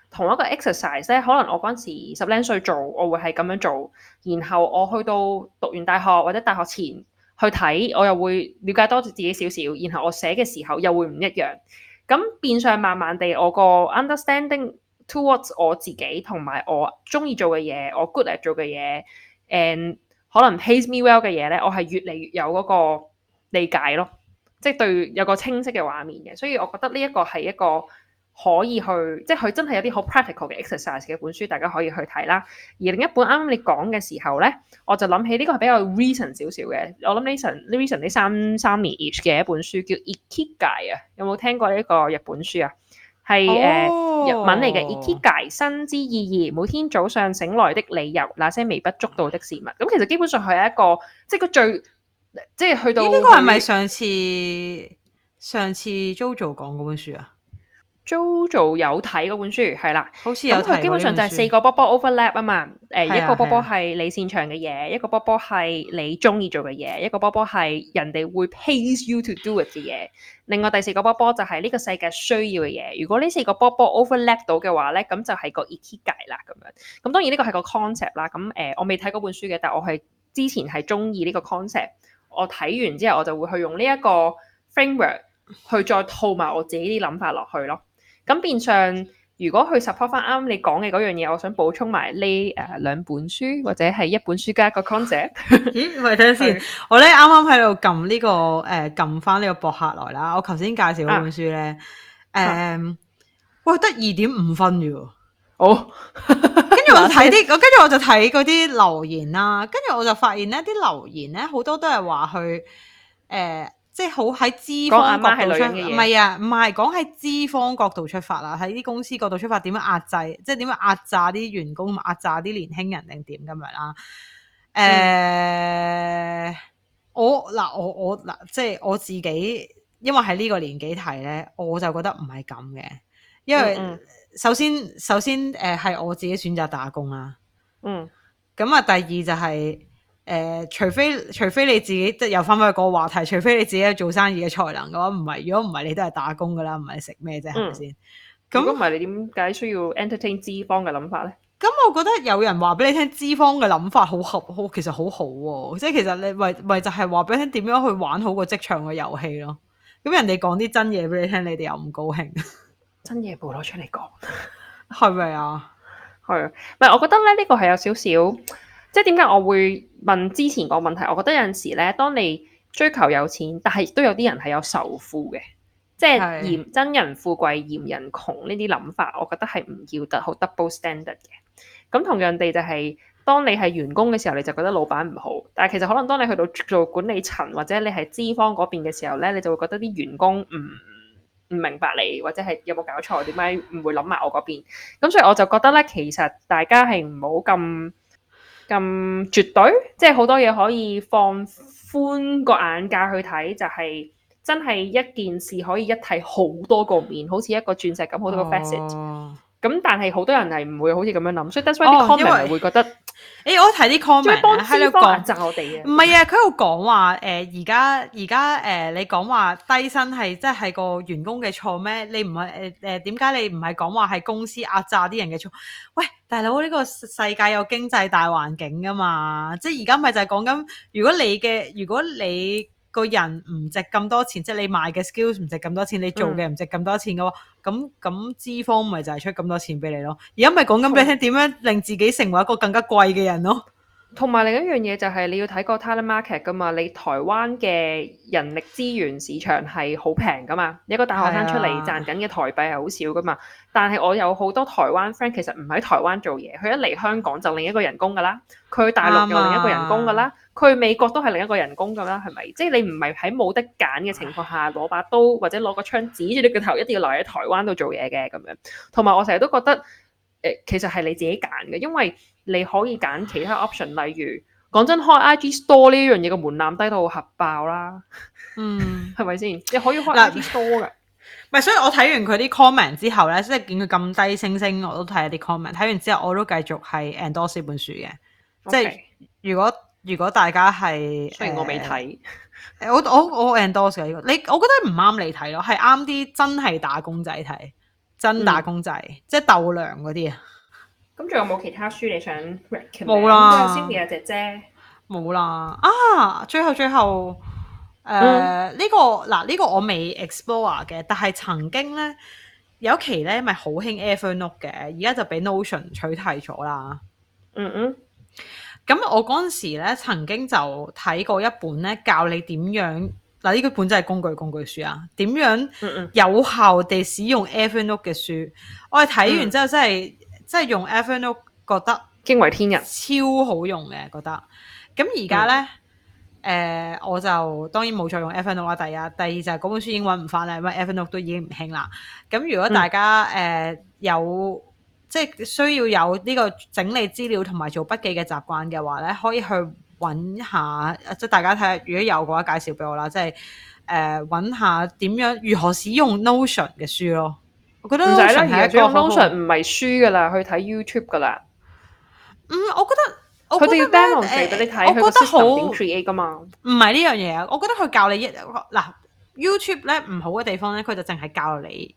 Speaker 1: 同一個 exercise 咧，可能我嗰陣時十零歲做，我會係咁樣做，然後我去到讀完大學或者大學前去睇，我又會了解多自己少少，然後我寫嘅時候又會唔一樣。咁變相慢慢地，我個 understanding towards 我自己同埋我中意做嘅嘢，我 good at 做嘅嘢，誒可能 pays me well 嘅嘢咧，我係越嚟越有嗰個理解咯，即係對有個清晰嘅畫面嘅。所以我覺得呢一個係一個。可以去，即係佢真係有啲好 practical 嘅 exercise 嘅本書，大家可以去睇啦。而另一本啱啱你講嘅時候咧，我就諗起呢個係比較 recent 少少嘅。我諗呢 recent 呢 recent 呢三三年 each 嘅一本書叫《Ikigai》啊，有冇聽過呢一個日本書啊？係誒、哦呃、日文嚟嘅《Ikigai》生之意義，每天早上醒來的理由，那些微不足道的事物。咁、嗯、其實基本上佢係一個即係佢最即係去到呢、這個係咪上次上次 JoJo 講嗰本書啊？Jojo 有睇嗰本書，係啦，好似有睇、嗯、基本上就係四個波波 overlap 啊嘛，誒、呃啊、一個波波係你擅長嘅嘢、啊，一個波波係你中意做嘅嘢，一個波波係人哋會 pay you to do 嘅嘢， 另外第四個波波就係呢個世界需要嘅嘢。如果呢四個波波 overlap 到嘅話咧，咁就係個 ikigai 啦咁樣。咁、嗯、當然呢個係個 concept 啦，咁誒、呃、我未睇嗰本書嘅，但我係之前係中意呢個 concept。我睇完之後，我就會去用呢一個 framework 去再套埋我自己啲諗法落去咯。咁變相，如果去 support 翻啱你講嘅嗰樣嘢，我想補充埋呢誒兩本書，或者係一本書加一個 concept。
Speaker 2: 咦，等等先，我咧啱啱喺度撳呢個誒撳翻呢個博客來啦。我頭先介紹嗰本書咧，誒，哇，得二點五分嘅喎。
Speaker 1: 跟住、哦、 我就睇啲，
Speaker 2: 我跟住我就睇嗰啲留言啦。跟住我就發現咧，啲留言咧好多都係話去誒。呃即係好喺資方角度出發，唔係啊，唔係講喺資方角度出發啦，喺啲公司角度出發，點樣壓制，即係點樣壓榨啲員工，壓榨啲年輕人定點咁樣啦？誒、呃嗯，我嗱我我嗱，即係我自己，因為喺呢個年紀睇咧，我就覺得唔係咁嘅，因為首先嗯嗯首先誒係我自己選擇打工啦、啊，嗯，咁啊第二就係、是。誒、呃，除非除非你自己即係又翻返去個話題，除非你自己係做生意嘅才能嘅話，唔係如果唔係你都係打工噶啦，唔係食咩啫，係咪先？咁唔係你點解需要 entertain 資方嘅諗法咧？咁我覺得有人話俾你聽資方嘅諗法好合，好其實好好、啊、喎，即係其實你咪為就係話俾你聽點樣去玩好個職場嘅遊戲咯。咁人哋講啲真嘢俾你聽，你哋又唔高興，
Speaker 1: 真嘢部攞出嚟講，
Speaker 2: 係 咪
Speaker 1: 啊？係，啊，係我覺得咧呢、這個係有少少。即係點解我會問之前個問題？我覺得有陣時咧，當你追求有錢，但係亦都有啲人係有仇富嘅，即係嫌真人富貴嫌人窮呢啲諗法，我覺得係唔要得，好 double standard 嘅。咁同樣地、就係，就係當你係員工嘅時候，你就覺得老闆唔好，但係其實可能當你去到做管理層或者你係資方嗰邊嘅時候咧，你就會覺得啲員工唔唔明白你或者係有冇搞錯？點解唔會諗埋我嗰邊？咁所以我就覺得咧，其實大家係唔好咁。咁、嗯、絕對，即係好多嘢可以放寬個眼界去睇，就係、是、真係一件事可以一睇好多個面，好似一個鑽石咁好多個 facet。啊咁但係好多人係唔會好似咁樣諗，所以 thus, some 啲 comment 係、哦、會覺得，
Speaker 2: 誒、欸，我睇啲 comment，做咩幫資方壓榨我哋啊？唔係啊，佢有講話，誒、呃，而家而家誒，你講話低薪係即係個員工嘅錯咩？你唔係誒誒，點、呃、解你唔係講話係公司壓榨啲人嘅錯？喂，大佬，呢、呢個世界有經濟大環境噶嘛？即係而家咪就係講緊，如果你嘅，如果你個人唔值咁多錢，即係你賣嘅 skills 唔值咁多錢，你做嘅唔值咁多錢嘅喎，咁咁資方咪就係出咁多錢俾你咯，而家咪講緊俾你聽點樣令自己成為一個更加貴嘅人咯。同埋另一樣嘢就係你
Speaker 1: 要睇個 talent market 噶嘛，你台灣嘅人力資源市場係好平噶嘛，你一個大學生出嚟賺緊嘅台幣係好少噶嘛。是啊、但係我有好多台灣 friend 其實唔喺台灣做嘢，佢一嚟香港就另一個人工噶啦，佢大陸又另一個人工噶啦，佢是、啊、美國都係另一個人工噶啦，係咪？即係你唔係喺冇得揀嘅情況下攞把刀或者攞個槍指住你個頭，一定要留喺台灣度做嘢嘅咁樣。同埋我成日都覺得，誒、呃，其實係你自己揀嘅，因為。你可以揀其他 option，例如講真開 IG
Speaker 2: Store 呢樣嘢個門檻低到核爆啦，嗯，係咪先？你可以開 IG、嗯、
Speaker 1: Store
Speaker 2: 嘅的，唔係，所以我睇完佢啲 comment 之後咧，即係見佢咁低星星，我都睇一啲 comment。睇完之後我都繼續係 endorse 呢本書嘅，okay，即係如果如果大家係雖然我未睇、呃，我我我 endorse 嘅，你、呢個、我覺得唔啱你睇咯，係啱啲真係打工仔睇，真打工仔、嗯、即係鬥糧嗰啲啊！咁
Speaker 1: 仲有冇其他書你想？
Speaker 2: 冇啦，Sylvia 阿姐姐。冇啦還有啊！最後最後，誒、呃、呢、嗯這個嗱呢、這個我未 explore 嘅，但係曾經咧有期咧咪好興 Evernote 嘅，而家、e、就俾 Notion 取替咗啦。嗯嗯。咁我嗰陣時咧，曾經就睇過一本咧，教你點樣嗱呢、這個本真係工具工具書啊，點樣有效地使用 Evernote、e、嘅書，我係睇完之後、嗯、真係。即係用 Evernote 覺得驚為天人，超好用嘅覺得。咁而家咧，誒、呃、我就當然冇再用 Evernote 啦。第一、第二就係嗰本書已經揾唔翻啦，因為 Evernote 都已經唔興啦。咁如果大家誒、嗯呃、有即係需要有呢個整理資料同埋做筆記嘅習慣嘅話咧，可以去揾下，即係大家睇下如果有嘅話，介紹俾我啦。即係誒揾下點樣如何使用 Notion 嘅書咯。
Speaker 1: 我唔使啦，而家 function 唔
Speaker 2: 係書噶啦，去睇 YouTube 噶啦。嗯，我覺得，佢哋要 download 嚟你睇佢個視頻點
Speaker 1: create 噶嘛？唔
Speaker 2: 係呢樣嘢啊！我覺得佢的教你一嗱 YouTube 咧唔好嘅地方咧，佢就淨係教你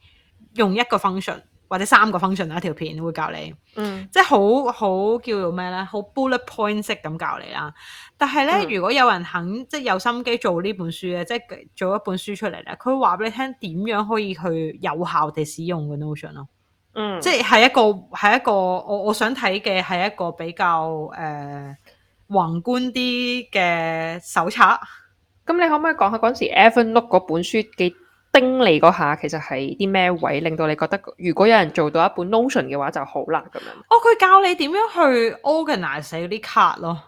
Speaker 2: 用一個 function。或者三個 function、啊、一條片會教你，嗯、即係好好叫做咩咧？好 bullet point 式咁教你啦。但係咧，嗯、如果有人肯即係有心機做呢本書咧，即係做一本書出嚟咧，佢會話俾你聽點樣可以去有效地使用個 Notion 咯。嗯，即係係一個係一個,一個我我想睇嘅係一個比較誒、呃、宏觀啲嘅手冊。
Speaker 1: 咁你可唔可以講下嗰陣時 Evernote 嗰本書幾？叮你嗰下，其實係啲咩位，令到你覺得如果有人做到一本 Notion 嘅話就好啦
Speaker 2: 咁樣。哦，佢教你點樣去 organize 嗰啲 card 咯。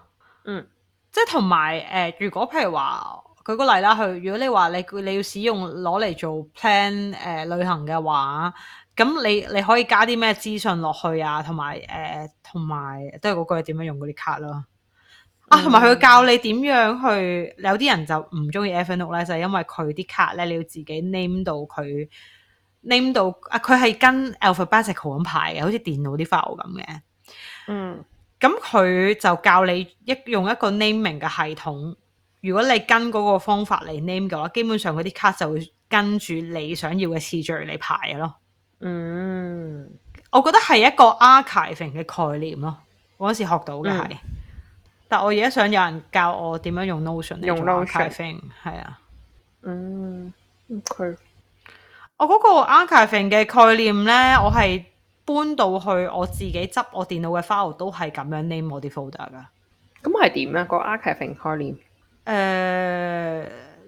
Speaker 2: 嗯，即係同埋誒，如果譬如話舉個例啦，佢如果你話你你要使用攞嚟做 plan 誒、呃、旅行嘅話，咁你你可以加啲咩資訊落去啊，同埋誒同埋都係嗰句點樣用嗰啲 card 咯。啊，同埋佢教你點樣去，有啲人就唔中意 Evernote 咧，就係因為佢啲卡咧，你要自己 name 到佢 name 到啊，佢係跟 alphabetical 咁排嘅，好似電腦啲 file 咁嘅。嗯，咁佢就教你一用一個 naming 嘅系統，如果你跟嗰個方法嚟 name 嘅話，基本上嗰啲卡就會跟住你想要嘅次序嚟排咯。嗯，我覺得係一個 archiving 嘅概念咯，我嗰時學到嘅係。嗯但我而家想有人教我點樣用 Notion 嚟做 archiving，用 Notion，係啊。的嗯，佢、okay. 我嗰個 archiving 嘅概念咧，我係搬到去我自己執我電腦嘅 file 都係咁樣 name 我啲 folder 噶。咁係點咧？個 archiving 概念？誒、呃，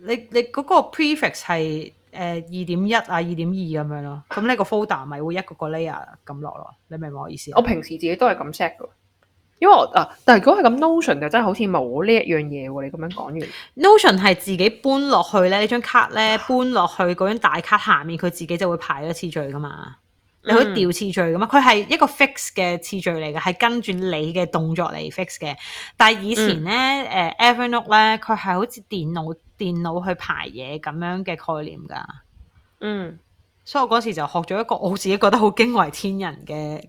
Speaker 2: 你你嗰個 prefix 係誒二點一啊，二點二咁樣咯。咁呢個 folder 咪會一個個 layer 咁落咯。你明唔明我意思？我平時自己都係咁 set 嘅。
Speaker 1: 因為我誒、啊，但係如果係咁 Notion 就真係好似冇呢一樣
Speaker 2: 嘢喎，你咁樣講完。Notion 係自己搬落去咧，呢張卡咧搬落去嗰張大卡下面，佢自己就會排咗次序噶嘛。嗯、你可以調次序噶嘛。佢係一個 fix 嘅次序嚟嘅，係跟住你嘅動作嚟 fix 嘅。但係以前咧，誒 Evernote 咧，佢係、uh, e、好似電腦電腦去排嘢咁樣嘅概念㗎。嗯，所以我嗰時就學咗一個我自己覺得好驚為天人嘅。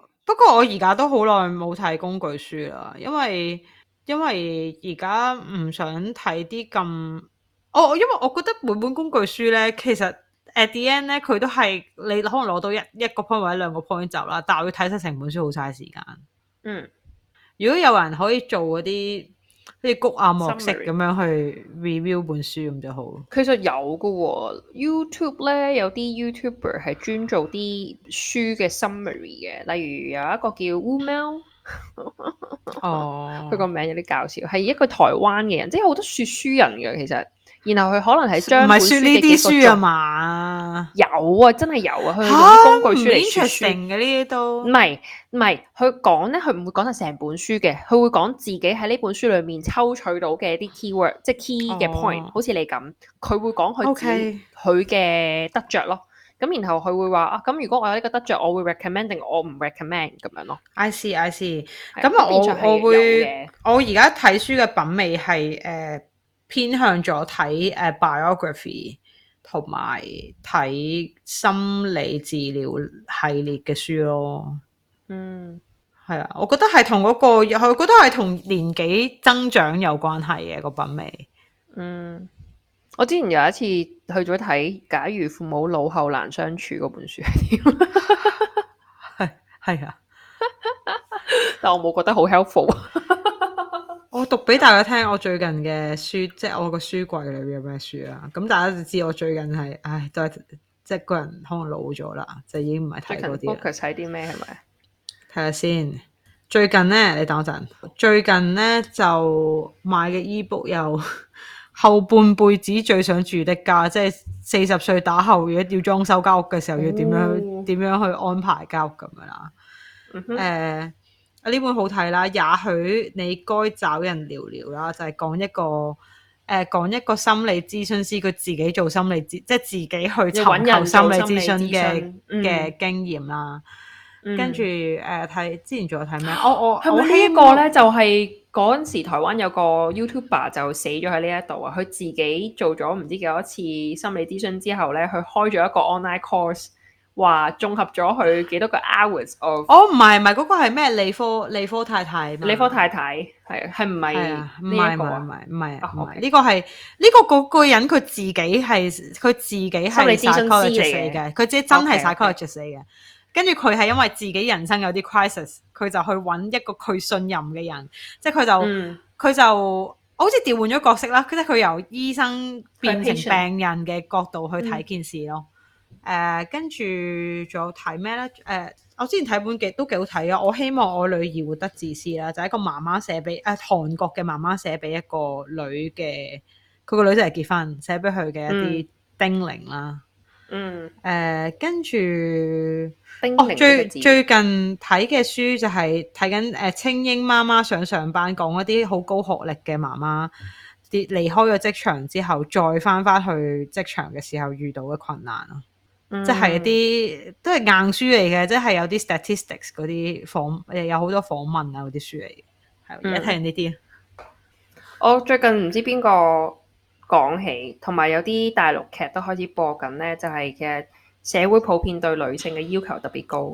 Speaker 2: 不過我而家都好耐冇睇工具書啦，因為因為而家唔想睇啲咁，我、oh, 因為我覺得每本工具書咧，其實 at the end 咧，佢都係你可能攞到一一個 point 或者兩個 point 就啦，但我要睇晒成本書好嘥時間。嗯，如果有人可以做嗰啲。即係谷阿莫式咁樣去 review 本書咁就好。其實有
Speaker 1: 噶，哦，YouTube 咧有啲 YouTuber 係專做啲書嘅 summary 嘅，例如有一個叫嗚喵，哦，佢個名有啲搞笑，係一個台灣嘅人，即係好多說書人嘅其實。然後佢可能係唔係選呢啲書啊嘛？有啊，真係有啊，佢用工具書嚟選定嘅呢啲都唔係唔係佢講咧，佢唔會講晒成本書嘅，佢會講自己喺呢本書裏面抽取到嘅一啲 keyword，即係 key 嘅 point，哦，好似你咁，佢會講佢佢嘅得着咯。咁 Okay. 然後佢會話啊，咁如果我有呢個得着，我會
Speaker 2: recommend 定我唔 recommend 咁樣咯。I see，I see。
Speaker 1: 咁啊，我我會
Speaker 2: 我而家睇書嘅品味係誒。呃偏向咗睇誒 biography 同埋睇心理治療系列嘅書咯，嗯，係啊，我覺得係同嗰個，我覺得係同年紀增長有關係嘅個品味，嗯，我之前有一次
Speaker 1: 去咗睇《假如父母老後難相處》嗰本書係點，係 啊 但我冇覺得好 helpful。
Speaker 2: 我讀俾大家聽，我最近嘅書，即係我個書櫃裏邊有咩書啊？咁、嗯、大家就知我最近係，唉，都、就、係、是、即係個人可能老咗啦，就已經唔係睇嗰啲啦。最近 focus 睇啲咩係咪？睇下先。最近咧，你等我陣。最近咧就買嘅 ebook 又後半輩子最想住的家，即係四十歲打後如果要裝修家屋嘅時候要，要點樣點樣去安排家屋咁樣啦。誒、嗯哼。呃呢本好睇啦，也許你該找人聊聊啦，就係、是、講一個誒，講、呃、一個心理諮詢師佢自己做心理諮，即係自己去尋求心理諮詢嘅嘅經驗啦。跟住誒，睇、呃、之前仲有睇咩、嗯？我是不是我我呢個
Speaker 1: 咧就係嗰陣時台灣有個 YouTuber 就死咗喺呢一度啊！佢自己做咗唔知幾多次心理諮詢之後咧，佢開咗一個 online course。話綜合咗佢幾多個
Speaker 2: hours 哦？哦唔係唔係，嗰、那個係咩？理科理科太太咩？理科太太係係唔係呢個唔係唔係唔係呢個係呢、這個嗰個人佢自己係佢自己係 psychologist 嚟嘅，佢自己真係 psychologist 嚟嘅。跟住佢係因為自己人生有啲 crisis，佢就去揾一個佢信任嘅人，即係佢就佢、嗯、就好似調換咗角色啦。即係佢由醫生變成病人嘅角度去睇件事咯。誒，跟住仲有睇咩咧？誒、uh，我之前睇本極都幾好睇啊！我希望我女兒活得自私啦，就係、是、一個媽媽寫俾誒、啊、韓國嘅媽媽寫俾一個女嘅，佢個女仔係結婚寫俾佢嘅一啲叮嚀啦。嗯，誒、uh，跟住、哦、最最近睇嘅書就係睇緊誒《青英媽媽上上班》，講一啲好高學歷嘅媽媽啲離開咗職場之後，再返返去職場嘅時候遇到嘅困難咯。嗯、即係一啲都係硬書嚟嘅，即係有啲 statistics 嗰啲訪誒有好多訪問啊嗰啲書嚟，嘅、嗯，係而家睇完
Speaker 1: 呢啲。我最近唔知邊個講起，同埋
Speaker 2: 有啲大陸
Speaker 1: 劇都開始播緊咧，就係、是、其實社會普遍對女性嘅要求特別高，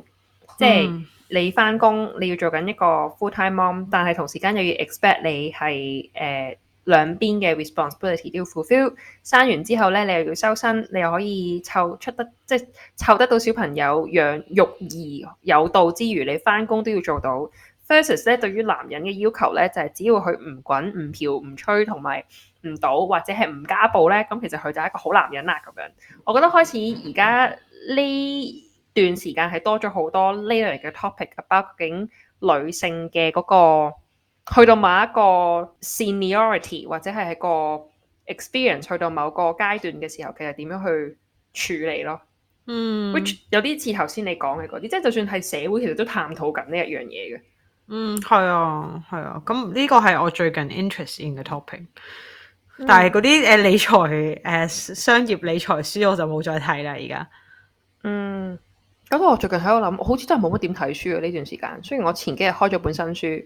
Speaker 1: 嗯、即係你翻工你要做緊一個 full time mom，但係同時間又要 expect 你係誒。呃兩邊嘅 responsibility 都要 fulfill，生完之後咧，你又要收身，你又可以湊出得即係湊得到小朋友養育兒有道之餘，你翻工都要做到。 versus 咧，對於男人嘅要求咧，就係、是、只要佢唔滾、唔嫖、唔吹同埋唔賭，或者係唔家暴咧，咁其實佢就係一個好男人啦。咁樣，我覺得開始而家呢段時間係多咗好多呢類嘅 topic，包括女性嘅嗰、那個。去到某一個 seniority 或者係喺個 experience 去到某個階段嘅時候，其實點樣去處理咯？嗯，which 有啲似頭先你講嘅嗰啲，即係就算係社會，其實都探討緊呢一樣嘢嘅。嗯，
Speaker 2: 係啊，係啊。咁、這、呢個係我最近 interest in 嘅 topic，但係嗰啲誒理財誒、呃、商業理財書我就冇再睇啦。而家嗯
Speaker 1: 咁，我最近喺度諗，好似真係冇乜點睇書啊。呢段時間雖然我前幾日開咗本新書。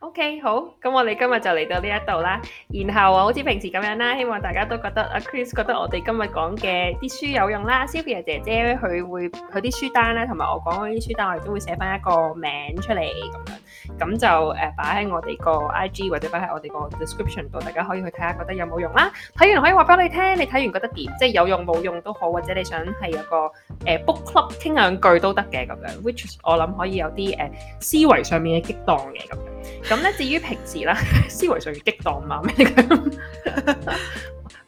Speaker 1: O、okay, K，好，咁我哋今日就嚟到呢一度啦，然後好似平時咁樣啦，希望大家都覺得阿 Chris 覺得我哋今日講嘅啲書有用啦 Sylvia 姐姐佢會佢啲書單咧，同埋我講嗰啲書單，我哋都會寫翻一個名出嚟咁樣。咁就誒擺喺我哋個 IG 或者擺喺我哋個 description 度，大家可以去睇下覺得有冇用啦。睇完可以話俾你聽，你睇完覺得點？即係有用冇用都好，或者你想係有個誒、呃、book club 傾兩句都得嘅咁樣。Which is, 我諗可以有啲誒、呃、思維上面嘅激盪嘅咁樣。咁咧至於平時啦， 思維上面激盪嘛咩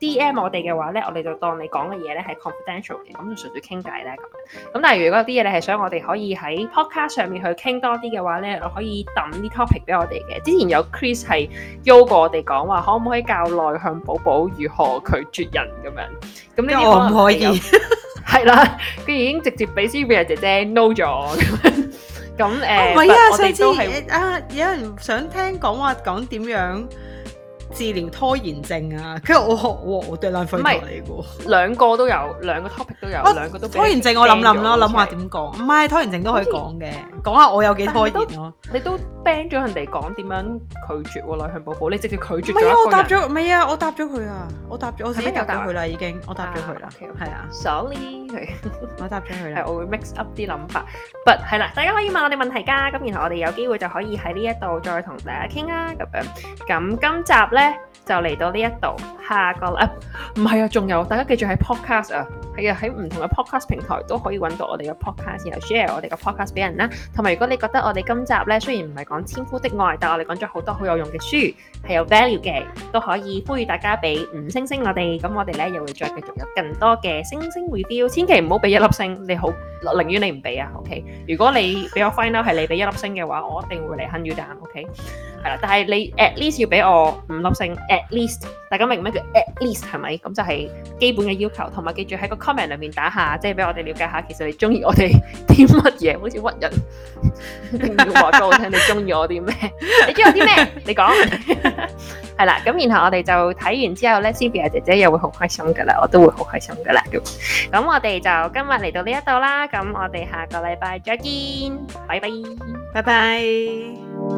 Speaker 1: D.M 我哋嘅話咧，我哋就當你講嘅嘢咧係 confidential 嘅，咁就純粹傾偈咧咁。咁但係如果有啲嘢你係想我哋可以喺 podcast 上面去傾多啲嘅話咧，我可以揼啲 topic 俾我哋嘅。之前有 Chris 係邀過我哋講話，可唔可以教內向寶寶如何拒絕人咁樣？咁你可唔可以？係啦，佢已經直接俾 Sylvia 姐姐 know 咗。咁誒，我哋都係
Speaker 2: 啊，有人想聽講話講點樣？治療拖延症啊！佢話我我我對兩方面嚟嘅，兩個都有，兩個 topic 都有，兩個都拖延症。我諗諗啦，諗下點講。唔係拖延症都可以講嘅，講下我有幾拖
Speaker 1: 延咯。你都 ban 咗人哋講點樣拒絕內向寶寶，你直接拒絕咗。唔係我答咗
Speaker 2: 咩啊？我答咗佢啊！我答咗我已經答咗佢
Speaker 1: 啦，已經我答咗佢啦，係啊。Sorry，我答咗佢啦。係，我會 mix up 啲諗法，but 係啦，大家可以問我哋問題㗎。咁然後我哋有機會就可以喺呢一度再同大家傾啊。咁樣咁今集呢。咧就嚟到呢一度，下個喇，唔係啊，仲有，大家記住喺 podcast 啊，係啊，喺唔同嘅 podcast 平台都可以揾到我哋嘅 podcast，然後 share 我哋嘅 podcast 俾人啦。同埋如果你覺得我哋今集咧雖然唔係講千夫的愛，但係我哋講咗好多好有用嘅書，係有 value 嘅，都可以呼籲大家俾五星星我哋。咁我哋咧又會再繼續有更多嘅星星 review。千祈唔好俾一粒星，你好寧願你唔俾啊。OK，如果你俾我 find out 係你俾一粒星嘅話，我一定會嚟 hunt you down。OK。係啦，但係你 at least 要俾我五粒星，at least 大家明咩叫 at least 係咪？咁就係基本嘅要求，同埋記住喺個 comment 裏面打下，即係俾我哋了解下，其實你中意我哋啲乜嘢？好似屈人，定要話俾我聽，你中意我啲咩？你中意我啲咩？你講。係啦，咁然後我哋就睇完之後咧，Sylvia 姐姐又會好開心噶啦，我都會好開心噶啦。咁，咁我哋就今日嚟到呢一度啦，咁我哋下個禮拜再見，拜拜，拜拜。